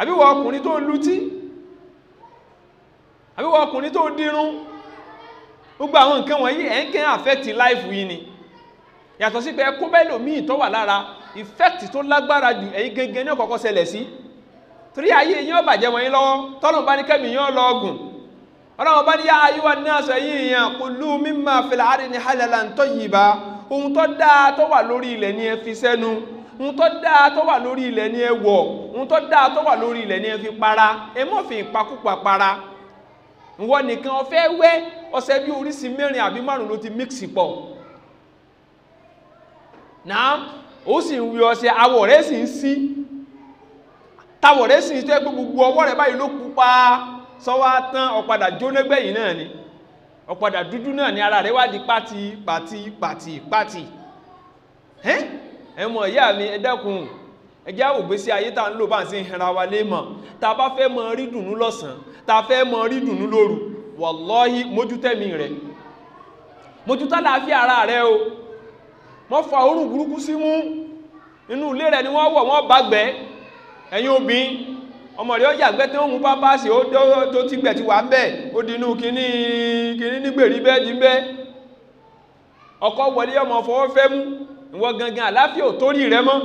àbíwọ̀ ọkùnrin tó ń lutí àbíwọ̀ ọkùnrin tó dírún gbogbo àwọn nǹkan wọ̀nyí ẹ̀ ń kẹ́ àfẹ́tì láìfù yìí ni yàtọ̀ sí pé ẹkú bẹ́ẹ̀ lòmíì tó wà lára ìfẹ́tì tó lágbára jù ní ọ̀kọ̀ọ̀kọ̀ ṣẹlẹ̀ ní kẹ́mì yìí ó lọ ọgùn ọlọ́wọ́ bá ní yá ayúwa náà yìí yàn ohun tó dáa tó wà lórí ilẹ̀ ni ẹ fi sẹ́nu ohun tó dáa tó wà lórí ilẹ̀ ni ẹ wọ̀ ohun tó dáa tó wà lórí ilẹ̀ ni ẹ fi para ẹ mọ̀ fi ìpakúpa para ìwọ nìkan ọ̀fẹ́ wẹ́ ọ̀sẹ̀ bí oríṣi mẹ́rin àbí márùn ló ti mix pọ̀ náà ó sì ń wí ọṣẹ awọ rẹ̀ sì ń sí tawọ̀ rẹ̀ sì ń tẹ́ gbogbo ọwọ́ rẹ̀ báyìí ló pupa sọ́wọ́ tán ọ̀padà jónẹ́gbẹ̀yìn náà ni ọ̀padà dúdú náà ni ara rẹ̀ wá di pátì pátì pátì pátì ẹmọ ìyá mi ẹ dákun ẹjẹ́ àwògbésí ayé tá ń lò bá ń sí ìhẹ́ra wa lé mọ̀ ta bá fẹ́ mọ rí dùnú lọ́sàn ta fẹ́ mọ rí dùnú lóru wàlọ́hí mójútẹ́mi rẹ̀ mójútá láàfí ara rẹ̀ o mọ́ fa orùn burúkú símú inú ilé rẹ̀ ni wọ́n wọ̀ wọ́n bàgbẹ́ ẹ̀yin obìnrin ọmọ rẹ̀ ó yàgbẹ́ tó ń mú pápásì ó tó ti gbẹ̀ ti wà ń bẹ̀ ó dinú kíní kíní nígbèrí bẹ́ẹ̀ di bẹ́ẹ̀ ọkọ wọlé ọmọ fọwọ́ fẹ́ mú ìwọ gangan àláfíà ò torí rẹ mọ́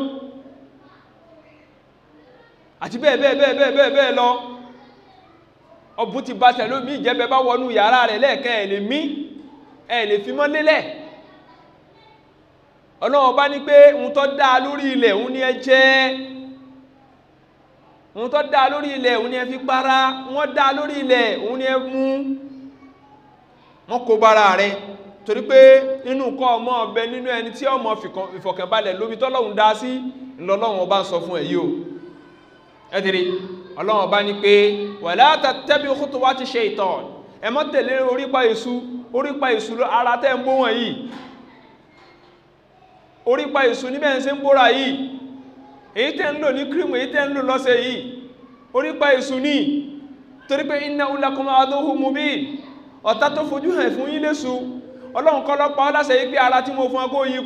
àti bẹ́ẹ̀ bẹ́ẹ̀ bẹ́ẹ̀ bẹ́ẹ̀ bẹ́ẹ̀ bẹ́ẹ̀ lọ ọbú ti bá tẹ̀lú mi ìjẹ́bẹ bá wọnú yàrá rẹ̀ lẹ́ẹ̀kẹ́ ẹ̀ lè mí ẹ̀ lè fi mọ́ lélẹ̀ ọlọ́run bá ní pé ń tọ́ dáa lórí ilẹ̀ ń ní ẹ jẹ́ òun tó dá lórí ilẹ̀ òun ni ẹ fi para wọ́n dá lórí ilẹ̀ òun ni ẹ mú wọ́n kó bára rẹ torí pé nínú kọ́ ọmọ ọbẹ nínú ẹni tí ọmọ ìfọ̀kànbalẹ̀ lómi tọ́lọ́hun dá sí ńlọlọ́hun ọba sọ fún ẹ yìí o ẹ tèrè ọlọ́hun ọba ní pé wala tattabi khutuwati shaytan ẹ má tẹ̀lé orípa èṣù orípa èṣù ara tẹ́ ń bó wọ̀nyí orípa èṣù níbẹ̀ ń ṣe ń bóra yìí èyí tẹ́ ń lò ní kírímù èyí tẹ́ ń lò lọ́sẹ̀ yìí orípa ní torí pé iná ulakun adóhù mú bí ọ̀tá tó fojú hàn fún yín ọlọ́run ọlọ́sẹ̀ yìí pé ara tí mo fún ọgọ́ yi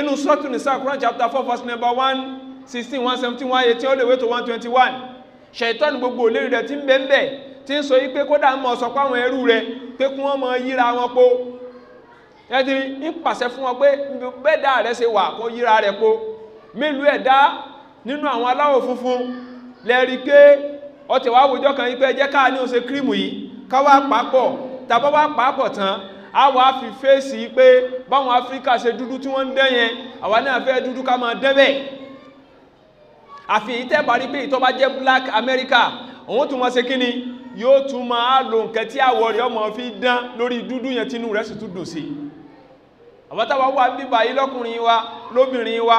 inú sọ́tù nìsá Quran chapter 4 verse number 1 16 117 118 ó lè one twenty 121 ṣẹ̀tọ́nù gbogbo òlérí rẹ̀ ti ń bẹ́ ń bẹ̀ tí ń sọ yí pé kódà mọ̀ sọ páwọn rẹ̀ pé mọ mélòó ẹ̀dá nínú àwọn aláwọ̀ funfun lẹ́rí pé ọtẹ̀ wá wòjọ́ kan wípé ẹjẹ́ káà ní ó ṣe kírìmù yìí káwá pàápọ̀ tàbá wá pàápọ̀ tán a wà fi fèsì pé báwọn Áfíríkà ṣe dúdú tí wọ́n ń dẹ́yẹn àwa náà fẹ́ dúdú ká máa dẹ́bẹ̀ àfi èyí tẹ́bà pé ìtọ́ba jẹ́ Black America òun tún máa ṣe kíni yóò tún máa lo nǹkan tí àwọ̀ rẹ̀ ọmọ fi dán lórí dúdú yẹn tínú rẹ̀ sì tún dùn sí wà bíbà yìí lọ́kùnrin wa lóbìnrin wa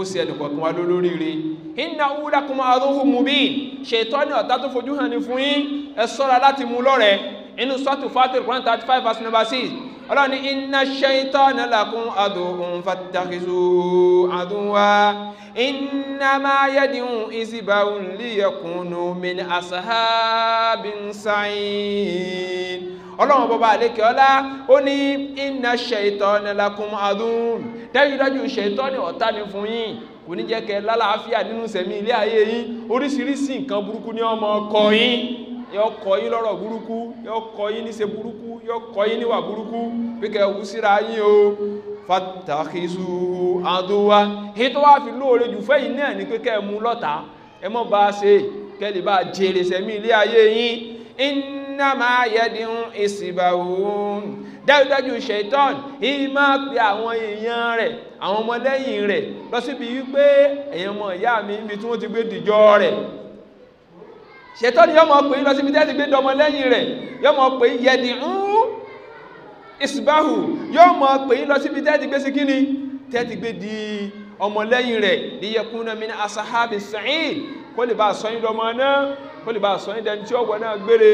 kó sí ẹnì kọ̀ọ̀kan wa lólóríire iná wúlákùnmọ́ adóhùn mubin ṣètọ́ni ọ̀tá tó fojú hàn ní fún yín ẹ sọ́ra láti mú lọ́rẹ̀ẹ́ inú sọ́tù fatir one thirty five verse number six ọlọ́ni iná ṣẹ́ntọ́nà làkún adóhùn fatahizu adúnwá iná máa yẹ́dìhùn ìsìbáhùn líyẹ̀kùnú min asahabin sáyìn ọlọ́run bọba àlékè ọlá ó ní inna shaytana lakum adùn dájúdájú ṣètọ́ ni ọ̀tá ni fún yín kò ní jẹ́ kẹ́ lálàáfíà nínú sẹ̀mí ilé ayé yín oríṣiríṣi nǹkan burúkú ní ọmọ ọkọ yín yọ kọ yín lọ́rọ̀ burúkú yọ kọ yín níṣe burúkú yọ kọ yín níwà burúkú bí kẹ́ wú síra yín o fatahisu aduwa èyí tó wá fi lóore jù fẹ́yìn náà ni pé mú lọ́ta ẹ mọ́ bá a ṣe kẹ́ bá a jèrè sẹ̀mí ilé ayé yín innama yad'u hizbahun dájúdájú ṣaitan yìí máa pe àwọn èèyàn rẹ̀ àwọn ọmọlẹ́yìn rẹ̀ lọ síbi wípé èèyàn ọmọ ìyá mi níbi tí wọ́n ti gbé dìjọ́ rẹ̀ ṣaitan ni yọ́ mọ̀ pé lọ síbi tẹ́sí gbé dọmọlẹ́yìn rẹ̀ yọ́ mọ̀ pé yad'u hizbahu yọ́ mọ̀ pé lọ síbi tẹ́sí gbé sí kíni tẹ́sí gbé di ọmọlẹ́yìn rẹ̀ liyakuna min asahabi sa'id kó lè bá sọ́yìn lọ́mọ náà ó lè bá sọ ní dẹni tí ó wọ náà gbére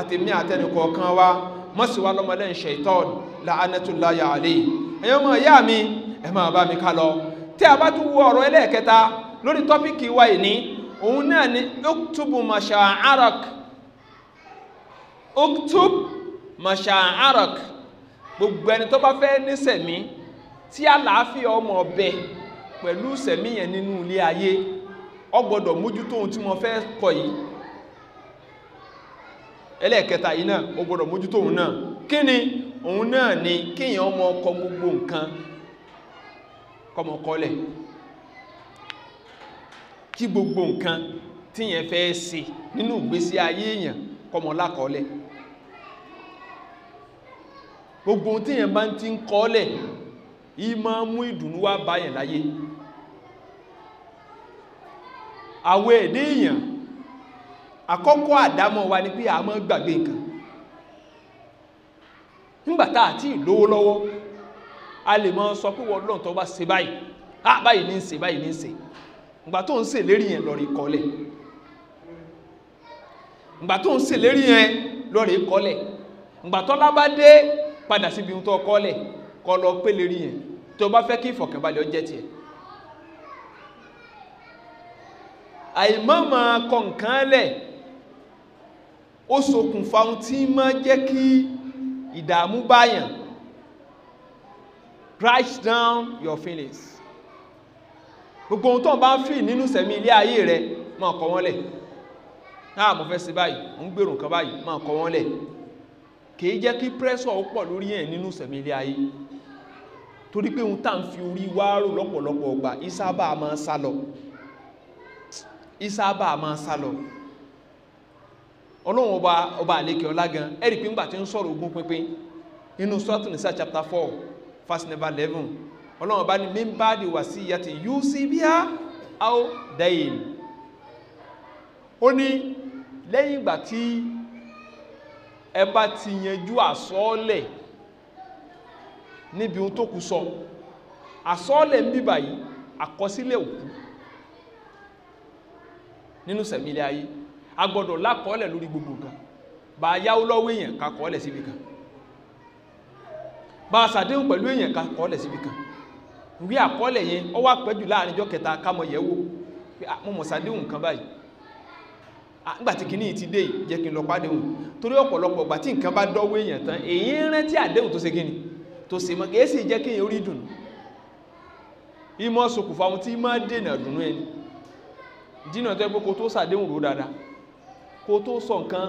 àtẹ̀mí àtẹnukọ̀ọ̀kan wa mọ́sí wa lọ́mọlẹ́yìn ṣaitan la'anatullahi alayhi ẹ̀yọ́ mọ̀ ìyá mi ẹ máa bá mi ká lọ tí a bá tún wo ọ̀rọ̀ ẹlẹ́ẹ̀kẹta lórí tọ́píkì wa ìní òun náà ni uktub masha'arak uktub masha'arak gbogbo ẹni tó bá fẹ́ nísẹ̀mí tí àlàáfíà ọmọ ọbẹ pẹ̀lú sẹ̀mí yẹn nínú ilé ayé ó gbọ́dọ̀ mójútó ohun tí mo fẹ́ kọ yìí ẹlẹ́ẹ̀kẹta yìí náà ó gbọ́dọ̀ mójútó òun náà kí ni òun náà ni kíyàn ọmọ ọkọ gbogbo nǹkan kọmọkọlẹ̀ kí gbogbo nǹkan tíyàn fẹ́ ṣe nínú ìgbésí ayé èèyàn kọmọlákọlẹ̀ gbogbo tíyàn bá ti ń kọ́lẹ̀ yìí máa mú ìdùnnú wá báyàn láyé àwọn èdè èèyàn àkọ́kọ́ àdámọ̀ wa ni pé a máa gbàgbé nǹkan nígbàtá àti ìlówó lọ́wọ́ a lè máa sọ pé wọ́n lọ́n tó bá ṣe báyìí ah báyìí ní ń ṣe báyìí ní ń ṣe ìgbà tó ń ṣe lérí yẹn lọ́rí kọlẹ̀ ìgbà tó ń ṣe lérí yẹn lọ́rí kọlẹ̀ ìgbà lábá dé padà síbi tó kọlẹ̀ kọ lọ pé lérí yẹn tó bá fẹ́ kí ìfọ̀kànbalẹ̀ ó tiẹ̀ àìmọ́ máa kọ ó ṣokùnfà ohun tí máa jẹ́ kí ìdààmú báyàn crash down your feelings gbogbo ohun tó ń bá ń feel nínú sẹ̀mí ilé ayé rẹ máa kọ wọ́n lẹ̀ náà mo fẹ́ ṣe báyìí mo ń gbèrò nǹkan báyìí máa kọ wọ́n lẹ̀ kìí jẹ́ kí pressure ó pọ̀ lórí ẹ̀ nínú sẹ̀mí ilé ayé torí pé ohun tá à ń fi orí wá lọ́pọ̀lọpọ̀ ọgbà ìsábà máa sá lọ ìsábà máa sá lọ ọlọ́run ọba ọba àlékè ọlá gan ẹ̀rí pé ńgbà tí ń sọ̀rọ̀ ogún pínpín inú sọ́ọ̀tù nìsa chapter four verse number eleven ọlọ́run ọba ní mímbáàdì wà sí ìyá tí yóò sí bí a áó dẹ́yìn ó ní lẹ́yìn ìgbà tí ẹ bá ti yanjú àsọ́ọ̀lẹ̀ níbi ohun tó kù sọ àsọ́ọ̀lẹ̀ ń bíbà yìí àkọsílẹ̀ òkú nínú sẹ̀mílẹ̀ ayé a gbọ́dọ̀ lákọọ́lẹ̀ lórí gbogbo nǹkan bá a yáwó lọ́wọ́ èèyàn ká kọ́ọ́lẹ̀ síbi kan bá a ṣàdéhùn pẹ̀lú èèyàn ká kọ́ọ́lẹ̀ síbi kan rí àkọọ́lẹ̀ yẹn ó wá pẹ́jù láàrin ọjọ́ kẹta kámọ yẹ̀ wò pé mo mọ̀ ṣàdéhùn nǹkan báyìí nígbàtí kìíní ti dé jẹ́ kí n lọ pàdéhùn torí ọ̀pọ̀lọpọ̀ ìgbà tí nǹkan bá dọ́wọ́ èèyàn tán èyí ń rántí àdéhùn tó ṣe kíni tó ṣe mọ́ kìí sì jẹ́ kí èèyàn orí dùn ìmọ̀ sokùnfà ohun tí máa dènà dùnú ẹni dínà tó ẹgbẹ́ kó tó ṣàdéhùn rò dáadáa kó tó sọ nǹkan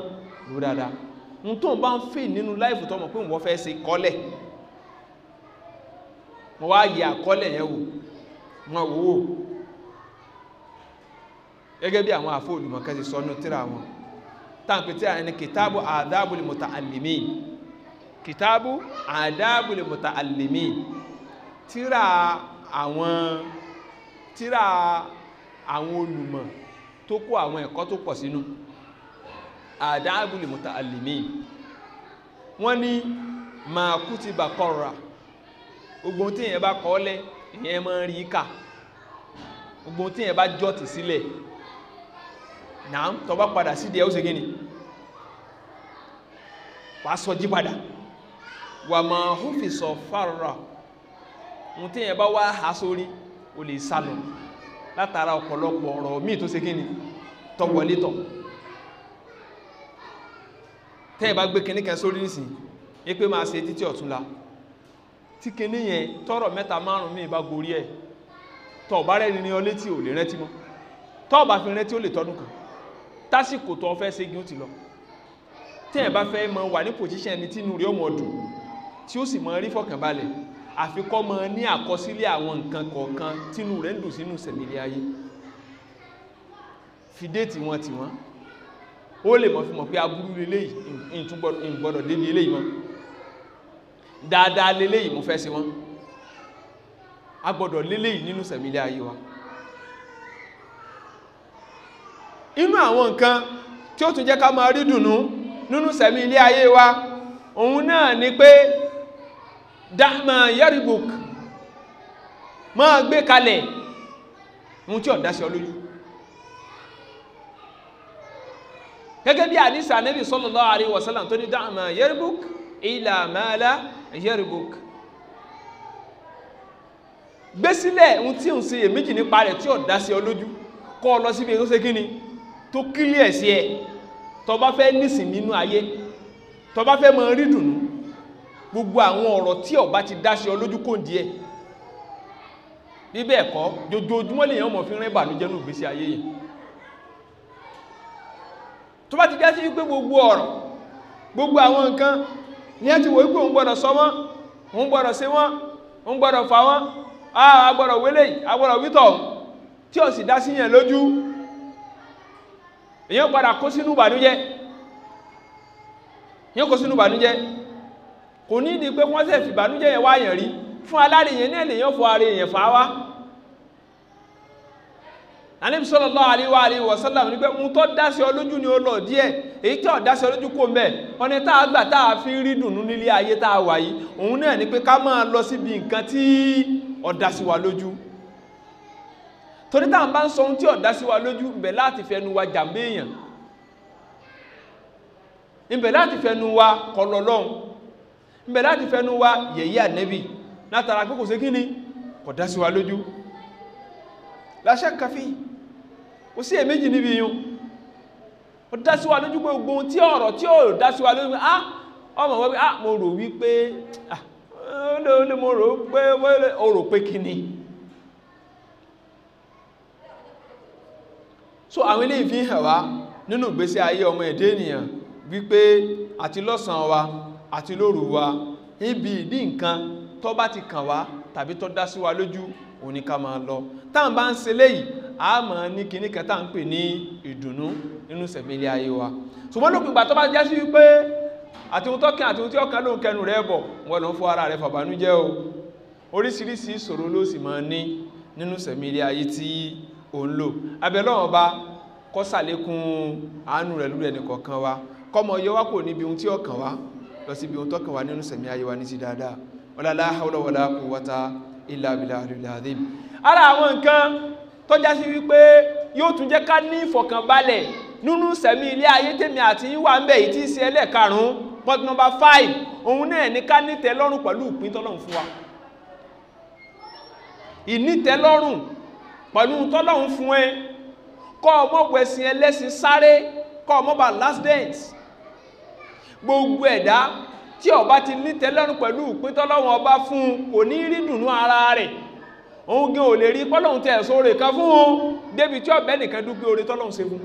rú dáadáa ohun tó ń bá ń fè nínú láìfù tọmọ pé wọ́n fẹ́ ṣe kọ́lẹ̀ wọ́n wá yẹ àkọ́lẹ̀ yẹn wò wọ́n wò ó gẹ́gẹ́ bí àwọn àfọ olùmọ̀kẹ́ ti sọ nínú tíra wọn táǹpì tíra ẹni kìtàbù àdábùl muta'allimin kìtàbù àdábùl muta'allimin tíra àwọn tíra àwọn olùmọ̀ tó kó àwọn ẹ̀kọ́ tó pọ̀ sínú. Si àdáàbùlì mùtàlìmí wọ́n ní ma kú ti bà kọ́ra gbogbo tí èyàn bá kọ́ọ́lẹ̀ èyàn máa ń rí kà gbogbo tí bá náà bá padà sídìí ẹ̀ ó wà o lè sálọ látara ọ̀pọ̀lọpọ̀ tẹ́ẹ̀ bá gbé kinní kan sórí nìsín yí pé máa ṣe títí ọ̀túnla tí kinní yẹn tọrọ mẹ́ta márùn míì bá gorí ẹ̀ tọ́ ọ̀bá rẹ̀ ní ọ létí ò lè rántí mọ́ tọ́ ọ̀bá fi rántí ó lè tọdún kan tásìkò tó ọ fẹ́ ségi ó ti lọ tẹ́ẹ̀ bá fẹ́ mọ wà ní pòṣíṣẹ́ ẹni tí inú rí ọmọ dùn tí ó sì mọ rí fọkànbalẹ̀ àfikọ́ mọ ní àkọsílẹ̀ àwọn nǹkan kọ̀ọ̀kan tínú rẹ̀ ń dùn sínú sẹ̀mílẹ̀ ayé fìdéètì wọn tiwọn ó lè mọ̀ fi mọ̀ pé aburú leléyìí ìgbọ́dọ̀ débi eléyìí mọ́ dáadáa leléyìí mo fẹ́ sí wọn a gbọ́dọ̀ leléyìí nínú sẹ̀mílẹ̀ ayé wa inú àwọn nǹkan tí ó tún jẹ́ ká máa rí dùnú nínú sẹ̀mílẹ̀ ayé wa òun náà ni pé dáàmà yẹ́rìbùk máa gbé kalẹ̀ mú tí ọ̀dá sí ọlójú gẹ́gẹ́ bí àdísà Ànábì sallallahu alaihi wasallam tó ní dáàmà yerbuk ilà màálà yerbuk gbé sílẹ̀ ohun tí ò ń ṣe èméjì nípa rẹ̀ tí ò dá sí ọ lójú kọ́ ọ lọ síbi ètò ṣe kíni tó kílíẹ̀ sí ẹ tó bá fẹ́ nísìn nínú ayé tó bá fẹ́ mọ rí dùnú gbogbo àwọn ọ̀rọ̀ tí ó ti dá sí ọ lójú kò díẹ̀ bíbẹ̀ ẹ̀kọ́ jojoojúmọ́ lèèyàn mọ̀ fi rìn ìbànújẹ́ nù gbésí ayé yìí tó bá ti já sí wípé gbogbo ọ̀rọ̀ gbogbo àwọn nǹkan ní ẹ ti wò wípé òun gbọ́dọ̀ sọ wọ́n òun gbọ́dọ̀ ṣe wọ́n òun gbọ́dọ̀ fà wọ́n a gbọ́dọ̀ wélé a gbọ́dọ̀ wítọ̀ tí ò sì dá sí yẹn lójú èyàn padà kó sínú ìbànújẹ́ èyàn kó sínú ìbànújẹ́ kò ní ìdí pé wọ́n sẹ̀ fìbànújẹ́ yẹn wáyàn rí fún alárìyẹn náà lèyàn fọ ara èèyàn fà wá anabi sallallahu alaihi wa alihi wa sallam ní pé mo tọ́ dá sí ọ lójú ni ó lọ díẹ̀ èyí tí ò dá sí ọ lójú kò mẹ́ ọ̀nà tá a gbà tá a fi rí dùnú nílé ayé tá a wà yìí òun náà ni pé ká máa lọ síbi nǹkan tí ò dá wa lójú torí tá à bá ń sọ ohun tí ò dá wa lójú ń láti fẹnu wa jàmbé èèyàn láti fẹnu wa kọlọ lọ́hùn láti fẹnu wa yẹ̀yẹ́ ànẹ́bì látara pé kò sí kí ni kò dá wa lójú láṣẹ́ kàfíì kò sí èméjì níbi yún ó dásíwá lójú pé gbogbo tí ọ̀rọ̀ tí ó dásíwá lójú ah ọmọ wọ́n pé ah mo rò wípé ah mo rò pé o rò pé kí ni so àwọn ilé ìfi hàn wá nínú ìgbésí ayé ọmọ èdè ènìyàn wípé àti lọ́sàn wa àti lóru wa ibi ìdí nǹkan tó bá ti kàn wá tàbí tó dá sí wa lójú òní ká máa lọ táà bá ń ṣe léyìí a mọ̀ ní kinní kẹta ń pè ní ìdùnnú nínú sẹ̀mílẹ̀ ayé wa ṣùgbọ́n lópin ìgbà tó bá já sí wípé àti ohun tọ́kàn àti ohun tí ọkàn ló ń kẹnu rẹ bọ̀ wọn lọ ń fọ ara rẹ fàbánújẹ́ o oríṣiríṣi ìṣòro ló sì máa ní nínú sẹ̀mílẹ̀ ayé tí ò ń lò abẹ́lọ́wọ́n bá kọ́ sàlékún àánú rẹ̀ lórí ẹnìkọ̀ọ̀kan wa kọ́mọ yọ wá kò níbi ohun tí ọkàn wa lọ síbi ohun tọ́kàn wa nínú sẹ̀mí ayé wa ní ti dáadáa wala la hawla wala quwwata illa billahi al-azim ara àwọn nǹkan tó já sí wípé yóò tún jẹ́ ká ní ìfọ̀kànbalẹ̀ nínú sẹ̀mí ilé ayé tèmi àti yín wà ń bẹ̀ yìí tí í ṣe ẹlẹ́ẹ̀karùn-ún point number five òun náà ní ká nítẹ́ lọ́rùn pẹ̀lú ìpín tọ́lọ́run fún wa ìnítẹ́ lọ́rùn pẹ̀lú tọ́lọ́run fún ẹ kọ́ ọmọ wẹ̀sìn ẹlẹ́sìn sáré kọ́ ọmọ bá last dance gbogbo ẹ̀dá tí ó bá ti nítẹ́ lọ́rùn pẹ̀lú ìpín tọ́lọ́run ọba fún kò ní rí dùnú ara rẹ̀ oúnjẹ ò lè rí pọ́lọ̀un tẹ́ ẹ̀sọ́ rẹ̀ kan fún un débi tí ọ̀bẹ́ nìkan dúpẹ́ orí tọ́lọ̀un se fún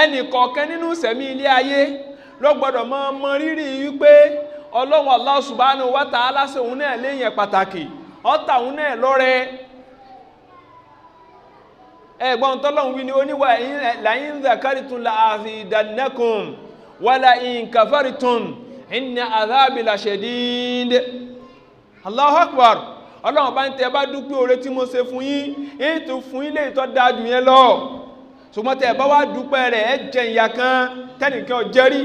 ẹni kọ̀ọ̀kan nínú sẹ̀mí ilé ayé ló gbọ́dọ̀ mọ́ rírí rírì wípé ọlọ́run Allah subhanahu wa ta'ala òun náà léyìn pàtàkì ọ̀tà òun náà lọ́rẹ ẹgbọn tọ́lọ̀un wí ni ó níwà la'in dhakartum la'azidannakum wa la'in kafartum Allahu Akbar ọlọ́run bá ń tẹ bá dúpẹ́ oore tí mo ṣe fún yín èyí tó fún ilé ìtọ́ dájú yẹn lọ ṣùgbọ́n tẹ bá wá dúpẹ́ rẹ̀ ẹ jẹ ìyà kan tẹ́nìkan jẹ́rí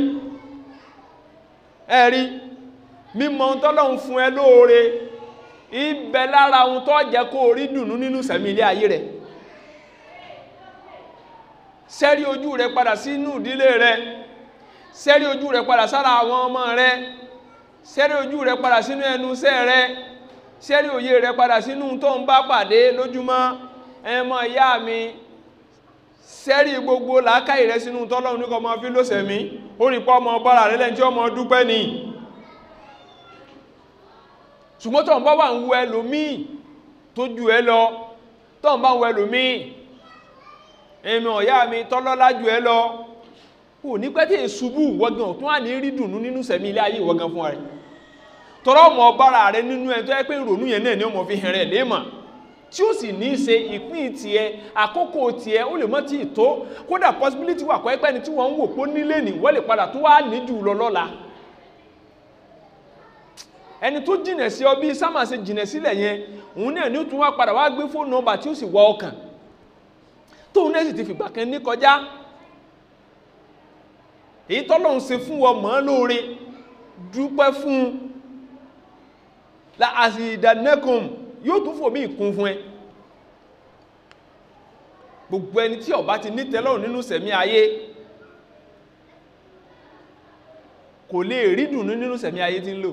ẹ̀rí mímọ̀ ohun tọ́lọ́run fún ẹ lóore ibẹ̀ lára ohun tó jẹ́ kó rí dùnú nínú sẹ̀mí ilé ayé rẹ̀ sẹ́rí ojú rẹ̀ padà sínú ìdílé rẹ̀ sẹ́rí ojú rẹ̀ padà sára àwọn ọmọ rẹ̀ sẹ́rí ojú rẹ padà sínú ẹnu sẹ́ rẹ sẹ́rí òye rẹ padà sínú tó ń bá pàdé lójúmọ́ ẹmọ ìyá mi sẹ́rí gbogbo làákàyè rẹ sínú tọ́lọ́run ní kọmọ fi lóṣẹ̀mí ó rí pọ́ ọmọ bọ́ra rẹ lẹ́ni tí ọmọ dúpẹ́ ni ṣùgbọ́n tó ń bá wà ń wo ẹlòmíì tó ju ẹ lọ tó ń bá ń wo ẹlòmíì ẹmọ ìyá mi tọ́lọ́lá ju ẹ lọ o ní pẹ́ tí èṣubú wọ́gàn tó wà ní rídùnú nínú sẹ̀mí ilé ayé ìwọ́gàn fún rẹ̀ tọrọ ọmọ bára rẹ nínú ẹ tó yẹ pé ìrònú yẹn náà ni ọmọ fi hẹrẹ léèmọ̀ tí ó sì ní í ṣe ìpín tiẹ̀ àkókò tiẹ̀ ó lè mọ́ tí ì tó kódà possibility wà pẹ́ẹ́pẹ́ ni tí wọ́n ń wò pó nílé ní wọ́n lè padà tó wá ní jù lọ lọ́la ẹni tó jìnà sí ọ bí sámà ṣe jìnà sílẹ̀ yẹn òun náà ni ó tún wá padà wá gbé fóònù nọ́mbà tí ó sì wọ ọkàn tóun náà sì ti fìgbà kan ní kọjá èyí tọ́lọ́run ṣe fún wọn mọ́ lóore dúpẹ́ fún la àṣìdánẹ́kùn yóò tún fò mí ìkún fún ẹ gbogbo ẹni tí ó bá ti nítẹ́lọ́rùn nínú sẹ̀mí ayé kò lè rí dùnú nínú sẹ̀mí ayé tí ń lò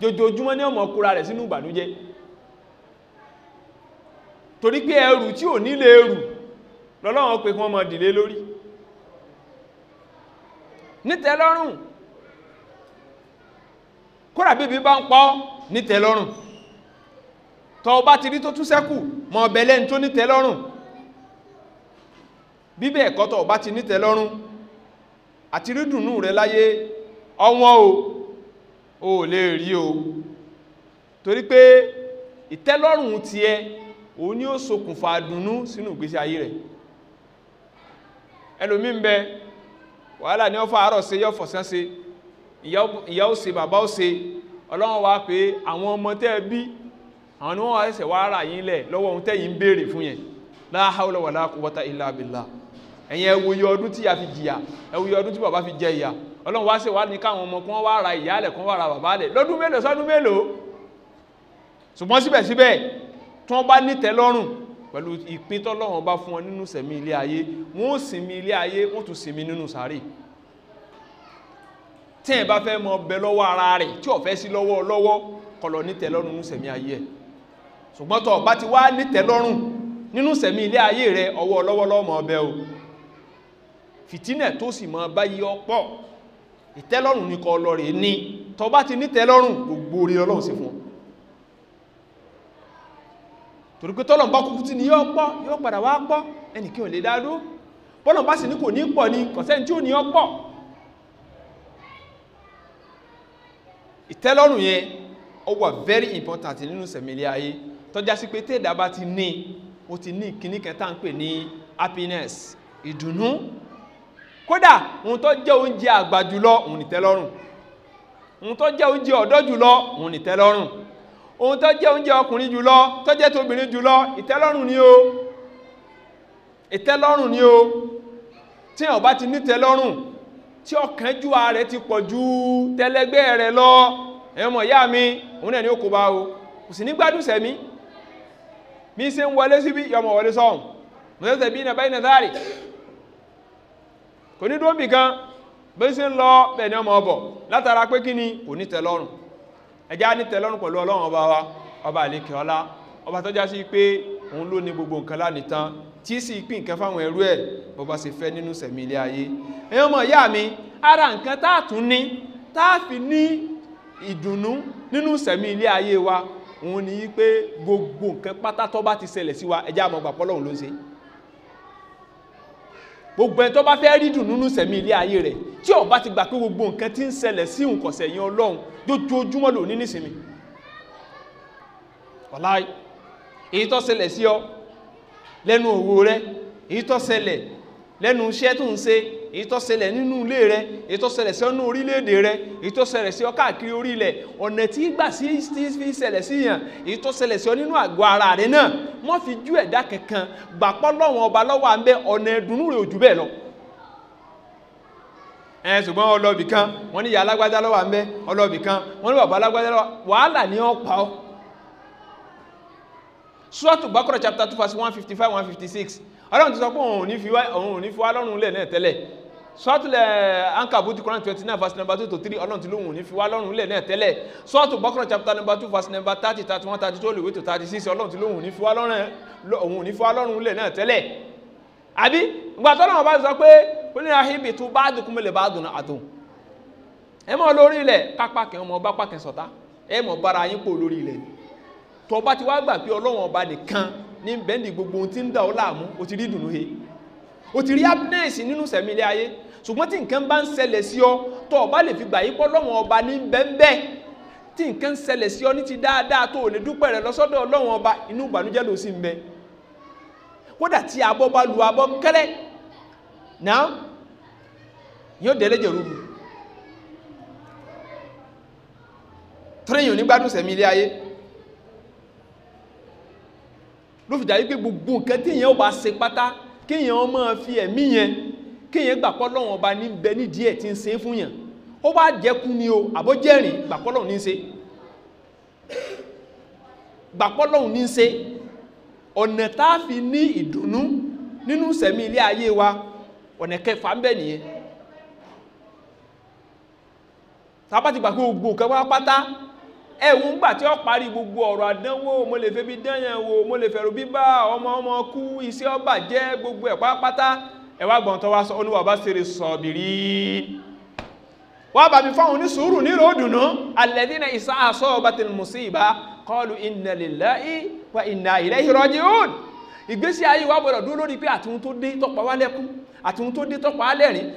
jojoojúmọ́ ní ọmọ kúra rẹ̀ sínú ìbànújẹ́ torí pé ẹrù tí ò nílé ẹrù lọ́lọ́wọ́n pé kí wọ́n mọ̀ dìlé lórí nítẹ́lọ́rùn kódà bíbí bá ń pọ́ nítẹ́lọ́rùn tọ́ ọba ti rí tó tún sẹ́kù mọ̀ ọ̀bẹ̀lẹ́ ní tó nítẹ́lọ́rùn bíbẹ̀ ẹ̀kọ́ tọ́ ọba ti nítẹ́lọ́rùn àti rí dùnú rẹ láyé ọwọ́n o ò lè rí o torí pé ìtẹ́lọ́rùn ti ẹ òun ni ó ṣokùnfà dùnú sínú ìgbésí ayé rẹ̀ ẹlòmí ń bẹ wàhálà ní ọfà àárọ̀ ṣe yọ́fọ̀sán ṣe ìyá ó ṣe bàbá ó ṣe ọlọ́run wá pé àwọn ọmọ tẹ́ bí àwọn ni wọ́n wá ṣẹ̀ṣẹ̀ wá ara yín lẹ̀ lọ́wọ́ ohun tẹ́yìn ń béèrè fún yẹn la hawla wala quwwata illa billah ẹ̀yin ẹ wo iye ọdún tí ìyá fi jìyà ẹ wo iye ọdún tí bàbá fi jẹ ìyá ọlọ́run wá ṣe wá ní káwọn ọmọ kí wọ́n wá ara ìyá lẹ̀ kí wọ́n wá ara bàbá lẹ̀ lọ́dún mélòó sọ́dún mélòó ṣùgbọ́n síbẹ̀síbẹ̀ tí wọ́n bá nítẹ́ lọ́rùn pẹ̀lú ìpín tọ́lọ́run bá fún wọn nínú sẹ̀mí ilé ayé wọ́n ó sinmi ilé ayé wọ́n tún sinmi nínú sàárè tí ẹ̀ bá fẹ́ mọ bẹ lọ́wọ́ ara rẹ̀ tí ò fẹ́ sí lọ́wọ́ lọ́wọ́ kọlọ̀ nítẹ̀lọ́rùn nínú sẹ̀mí ayé ẹ̀ ṣùgbọ́n tó bá ti wá nítẹ̀lọ́rùn nínú sẹ̀mí ilé ayé rẹ̀ ọwọ́ lọ́wọ́ lọ́mọ ọbẹ̀ o fìtínẹ̀ tó sì mọ báyìí ọ̀pọ̀ ìtẹ́lọ́rùn ní kọ lọ rẹ̀ ní tó bá ti nítẹ̀lọ́rùn gbogbo orí ọlọ́run sí fún ọ torí pé tọ́lọ̀ bá kúkú tí ni yóò pọ̀ yóò padà wá pọ̀ ẹnìkí ò lè dádó bọ́lọ̀ bá sì ní kò ní pọ̀ ni kọ̀sẹ́ni tí ò ní ọpọ̀ ìtẹ́lọ́rùn yẹn ó wà very important nínú sẹ̀mílì ayé tọ́já sí pé tẹ́ẹ̀dá bá ti ní ó ti ní ìkíní kẹta ń pè ní happiness ìdùnnú kódà ohun tó jẹ́ oúnjẹ àgbà jùlọ òun nìtẹ́lọ́rùn ohun tó jẹ́ oúnjẹ ọ̀dọ́ jùlọ òun nìtẹ́lọ́rùn ohun tó jẹ́ oúnjẹ ọkùnrin jùlọ tó jẹ́ tóbìnrin jùlọ ìtẹ́lọ́rùn ni o ìtẹ́lọ́rùn ni o tí ó bá ti nítẹ́lọ́rùn tí ọkàn jù ààrẹ ti pọ̀ ju tẹ́lẹ́gbẹ́ rẹ̀ lọ ẹ̀mọ̀ ìyá mi òun náà ni ó kò bá o kò sì ní gbádùn sẹ́mi mi ṣe ń wọlé síbí yọmọ wọlé sọ́hùn mo tẹ́sẹ̀ bí nàbáyé nàzárì kò ní dóńbì kan bí ṣe ń lọ bẹ́ẹ̀ ni ọmọ ọbọ̀ látara pé kí ni kò nítẹ́lọ́rùn ẹjá ní tẹ́lọ́rùn pẹ̀lú ọlọ́run ọba wa ọba àlékẹ́ ọlá ọba tọ́já sí pé òun ló ní gbogbo nǹkan lánìtàn tí sì pín nǹkan fáwọn ẹrú ẹ̀ bọ́bá ṣe fẹ́ nínú sẹ̀mí ilé ayé ẹ̀yàn mọ̀ ìyá mi ara nǹkan tá ní tá ní ìdùnnú nínú sẹ̀mí ilé ayé wa òun ni yí pé gbogbo nǹkan pátá tó bá ti ṣẹlẹ̀ sí wa ẹjá mọ̀ gbàpọ́lọ́run ló ń ṣe gbogbo ẹni tó bá fẹ́ rí dùn nínú sẹ̀mí ilé ayé rẹ̀ tí ó bá ti gbà pé gbogbo nǹkan tí ń ṣẹlẹ̀ sí òǹkọ̀sẹ̀ yẹn ọlọ́run lójoojúmọ́ lò ní nísìnyí wàláì èyí tó ṣẹlẹ̀ sí ọ lẹ́nu òwò rẹ èyí tó ṣẹlẹ̀ lẹ́nu iṣẹ́ tó ń ṣe èyí tó ṣẹlẹ̀ nínú ilé rẹ èyí tó ṣẹlẹ̀ sí ọ́nú orílẹ̀-èdè rẹ èyí tó ṣẹlẹ̀ sí ọ káàkiri orí ilẹ̀ ọ̀nà tí gbà sí fi ṣẹlẹ̀ sí yàn èyí tó ṣẹlẹ̀ sí ọ nínú àgọ́ ara rẹ náà mọ́ fi jú ẹ̀dá kankan gbàpọ́ lọ́wọ́n ọba lọ́wọ́ à ń bẹ ọ̀nà ẹ̀dùnú rẹ ò jù bẹ́ẹ̀ lọ ẹn ṣùgbọ́n ọlọ́bì kan wọ́n ní ìyá alágbádá lọ́wọ́ ń bẹ́ chapter two verse one fifty five one fifty six ọlọ́run ti sọ pé òun ò ní fi wá lọ́rùn lẹ̀ sọ́ọ̀tùlẹ̀ ankabuti Quran twenty nine verse number two to three ọlọ́run ti lóhùn ní fi wá lọ́rùn lẹ̀ náà tẹ́lẹ̀ sọ́ọ̀tù Baqarah chapter number two verse number thirty thirty one thirty two olùwé to thirty six ọlọ́run ti lóhùn ní fi wá lọ́rùn lẹ̀ náà tẹ́lẹ̀ àbí ìgbà tọ́lọ́run bá sọ pé ó ní ahibi tó bá dùn kúmọ̀lẹ̀ bá dùn àtò ẹ mọ̀ lórí ilẹ̀ kápá kẹ́ ọmọ ọba pákẹ́ sọ̀tá ẹ mọ̀ bára yín pò lórí ilẹ̀ tó bá ti wá gbà pé ọlọ́run ọba nìkan ní bẹ́ndì gbogbo ohun tí ń dà ọ́ láàmú o ti rí dùnú he o ti rí happiness nínú sẹ̀mílẹ̀ ayé ṣùgbọ́n tí nǹkan bá ń ṣẹlẹ̀ sí ọ tó o bá lè fi gbà yí pọ́ lọ́wọ́n ọba ní bẹ́ńbẹ́ tí nǹkan ń ṣẹlẹ̀ sí ọ ní ti dáadáa tó o lè dúpẹ́ rẹ̀ lọ́sọ́dọ̀ ọlọ́wọ́n ọba inú ìbànújẹ́ ló sì ń bẹ kódà tí abọ́ bá lu abọ́ kẹ́lẹ́ náà yóò dẹ́lẹ́jẹ̀ rúru tírẹ̀yìn onígbádùn sẹ̀mí ilé ayé ló fìdá wípé gbogbo nǹkan tí èèyàn ò bá ṣe pátá kéèyàn máa fi ẹ̀mí yẹn kéèyàn gbà pọ́ lọ́wọ́n ọba ní bẹ ní díẹ̀ tí ń ṣe fún yàn ó bá jẹ́kú ni o àbójẹ́rìn gbà pọ́ lọ́wọ́n ní ṣe gbà pọ́ lọ́wọ́n ní ṣe ọ̀nà tá a fi ní ìdùnnú nínú sẹ̀mí ilé ayé wa ọ̀nà kẹfà ń bẹ nìyẹn tábà ti gbà pé gbogbo pátá ẹ̀wù ńgbà tí ó parí gbogbo ọ̀rọ̀ àdánwò mo lè fẹ́ bí dányàn mo lè fẹ̀rù bíbá ọmọ ọmọ kú iṣẹ́ ọba jẹ́ gbogbo ẹ̀ pátápátá ẹwà gbọ́n tó wá sọ olúwa bá sèrè sọ̀bìrí wà bá mi fáwọn ní sùúrù ní ròdùnú alẹ́dínà ìsá àṣọ ọba tí kọlu inna lillahi wa inna ilayhi raji'un ìgbésí ayé wa gbọ́dọ̀ dúró lórí pé àtúntò tó dé tọ́pa wá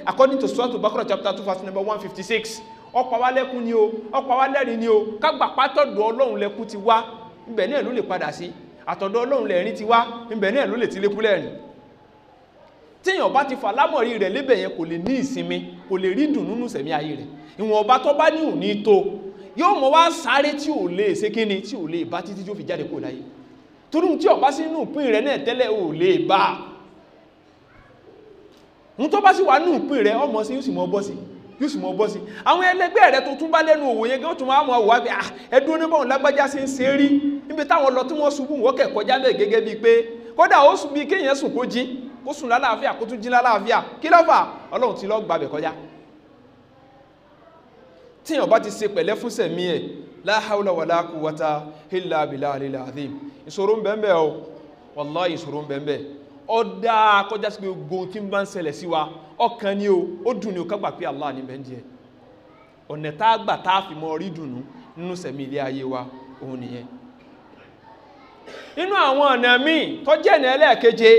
according to surah chapter two verse number one fifty six ọ̀pá wá lẹ́kún ni o ọ̀pá wá lẹ́rin ni o kágbà pátọ́dọ̀ ọlọ́run lẹ́kún ti wá ibẹ̀ náà ló lè téèyàn bá ti fà lámọ̀rí rẹ̀ lébẹ̀ yẹn kò lè ní ìsinmi kò lè rí dùn nínú sẹ̀mí ayé rẹ̀ ìwọ̀nba tó bá ní òní tó yóò mọ̀ wá sáré tí ò lè ṣe kíni tí ò lè bá títí tí ó fi jáde kó láyé torí tí ọ̀bá sínú ìpín rẹ̀ náà tẹ́lẹ̀ ò lè bá a ń tó bá sì wà ní ìpín rẹ̀ ọmọ sí yóò sì mọ bọ́ sí àwọn ẹlẹgbẹ́ rẹ̀ tó tún bá lẹ́nu òwò yẹn gan tún máa mọ àwòwá pé ah, ẹdún oníbọ̀n lágbájá sí ń ṣe rí níbi táwọn lọ tí wọ́n ṣubú wọ́kẹ̀ kọjá bẹ́ẹ̀ gẹ́gẹ́ bíi pé kódà ó bí kéèyàn sùn kó jí kó sùn lálàáfíà kó tún jí lálàáfíà kí ló fà ọlọ́run ti lọ gbàbẹ̀ kọjá tíyàn bá ti ṣe pẹ̀lẹ́ fún sẹ̀mí ẹ̀ la hawla wala quwwata illa billahil azim ìṣòro ń bẹ́ẹ̀ o wallahi ìṣòro ń bẹ́ẹ̀ ọ dáa kọjá sí pé ogun tí ń bá ń ṣẹlẹ̀ sí wa ọkàn ni o ó dùn ní o kágbà pé Allah ní bẹ́ẹ̀ díẹ̀ ọ̀nà tá a gbà tá a fi mọ orí dùnú nínú sẹ̀mí ilé ayé wa òun nìyẹn nínú àwọn ọ̀nà míì tó ẹ̀nà ẹlẹ́ẹ̀keje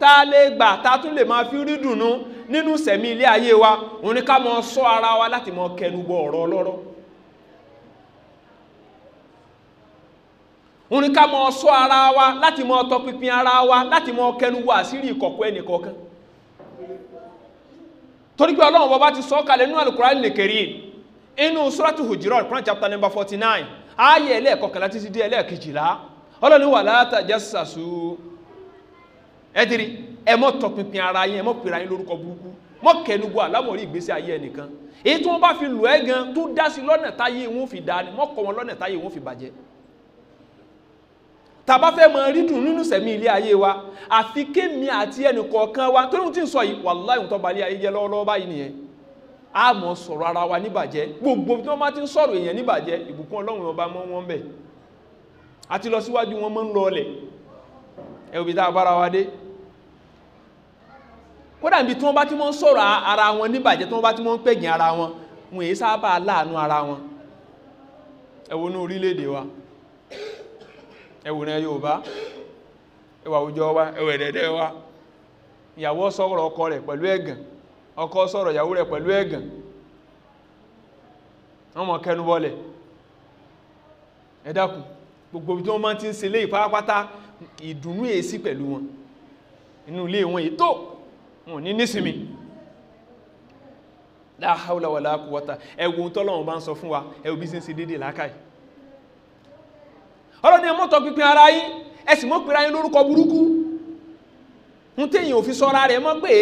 tá a lè gbà tá tún lè máa fi rí dùnú nínú sẹ̀mí ilé ayé wa òun ni ká mọ sọ ara wa láti mọ kẹnubọ ọ̀rọ̀ ọlọ́rọ̀ òun ni ká mọ sọ ara wa láti mọ tọpinpin ara wa láti mọ kẹnubọ àṣírí ìkọ̀kọ̀ ẹnìkọ̀ọ̀kan torí pé ọlọ́run bọba ti sọ kalẹ̀ nínú Al-Qur'an nìkèrè inú suratu Hujurat Quran chapter number forty nine ayé ẹlẹ́ẹ̀kọkànlá títí dé ẹlẹ́ẹ̀kejìlá ọlọ́run wà látàjẹ́sàsù ẹ ti rí ẹ mọ́ tọpinpin ara yín ẹ mọ́ pera yín lórúkọ burúkú mọ́ kẹnugbọ́ àlámọ̀rí ìgbésí ayé ẹnìkan èyí tí wọ́n bá fi lù ẹ́ gan tó dá sí lọ́nà táyé wọn fi dáa ni mọ́ kọ́ wọn lọ́nà táyé wọn fi bàjẹ́ tàbá fẹ́ mọ rídùn nínú sẹ̀mí ilé ayé wa àfi kémi àti ẹnìkọ̀ọ̀kan wa torí ohun tí ń sọ yìí wàláhì ohun tó balẹ̀ ayé jẹ́ lọ́wọ́lọ́wọ́ báyìí nìyẹn a mọ̀ sọ̀rọ̀ ara wa níbàjẹ́ gbogbo tí wọ́n bá ti ń sọ̀rọ̀ èèyàn níbàjẹ́ ìbùkún ọlọ́run ọba mọ́ wọn bẹ̀ àti lọ síwájú wọn mọ́ ń lọ ọlẹ̀ ẹ̀ òbí tá a bára wa dé kódà níbi tí wọ́n bá ti mọ́ ń sọ̀rọ̀ ara wọn níbàjẹ́ tí wọ́n bá ti mọ́ ń pẹ̀gìn ara wọn wọn èyí sábà láàánú ara wọn ẹ wo ní orílẹ̀-èdè wa ẹ wo ní Yorùbá ẹ wo àwùjọ wa ẹ wo ẹ̀dẹ̀dẹ̀ wa ìyàwó sọ̀rọ̀ ọkọ rẹ̀ pẹ̀lú ẹ̀gàn ọkọ sọ̀rọ̀ ìyàwó rẹ̀ pẹ̀lú ẹ̀gàn wọ́n mọ̀ kẹnu bọ́lẹ̀ ẹ dákun gbogbo tí wọ́n máa ti ń ṣe lé ìpápátá ìdùnnú èsì pẹ̀lú wọn inú ilé wọn ètò wọn ní nísinmi la hawla wala quwwata ẹ̀wù tọ́lọ́run bá ń sọ fún wa ẹ̀wù bí sí ń ṣe dédé làákàì ọ̀rọ̀ ni ẹmọ́tọ̀ pípin ara yín ẹ sì mọ́ pera yín lórúkọ burúkú ń téèyàn ò fi sọ́ra rẹ̀ mọ́ pé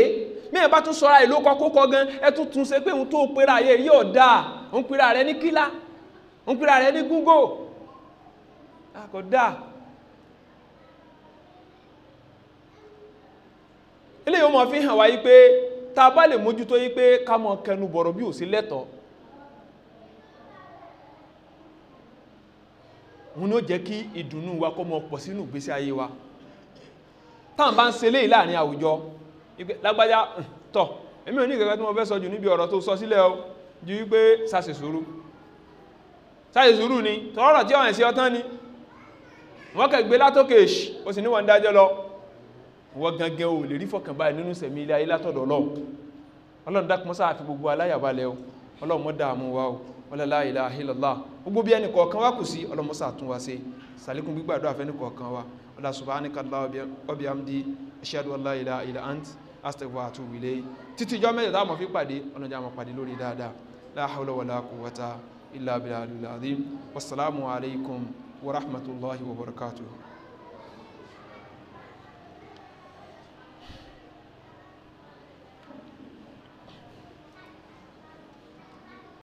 mẹ́ẹ̀ bá tún sọ́ra ìlú kọkókọ gan ẹ tún tún ṣe pé òun tó pera yẹ yóò dáa ń pera rẹ̀ ní kílá ń pera rẹ̀ ní gúngò àkọ́dáa eléyìí ó mọ̀ fi hàn wá yí pé tá a bá lè mójútó yí pé ká mọ̀ kẹnu bọ̀rọ̀ bí ò sí lẹ́tọ̀ọ́ òun ni ó jẹ́ kí ìdùnnú wa kó mọ pọ̀ sínú ìgbésí ayé wa táwọn bá ń ṣe léyìí láàrin àwùjọ lágbájá tọ̀ èmi ò ní ìkẹ́kẹ́ tí mo fẹ́ sọ jù níbi ọ̀rọ̀ tó sọ sílẹ̀ o ju wípé sàṣe sùúrù ni tọ́rọ̀ tí ọ̀rìn sí ọtán ni wọ́n kẹ̀ gbé ó sì níwọ̀n dájọ́ lọ wọ́n gangan o lè rí fọ̀kànbá nínú sẹ̀mí ilé ayé látọ̀dọ̀ ọlọ́run ọlọ́run dákun sáà fi gbogbo aláyàbalẹ̀ o ọlọ́run mọ́ dààmú wa o ọlọ́lá ilá ahílọ́lá gbogbo bí ẹnì kọ̀ọ̀kan wá kù sí ọlọ́run sá tún wa ṣe sàlékún gbígbàdúrà fẹ́ni kọ̀ọ̀kan wa ọlá subhanaka wa bihamdi ashhadu an la ilaha ant astaghfiruka wa atubu ilayk títí ìjọ mẹ́jọ táwọn fi pàdé ọlọ́run jẹ́ la hawla wala quwwata illa wassalamu alaikum wa rahmatullahi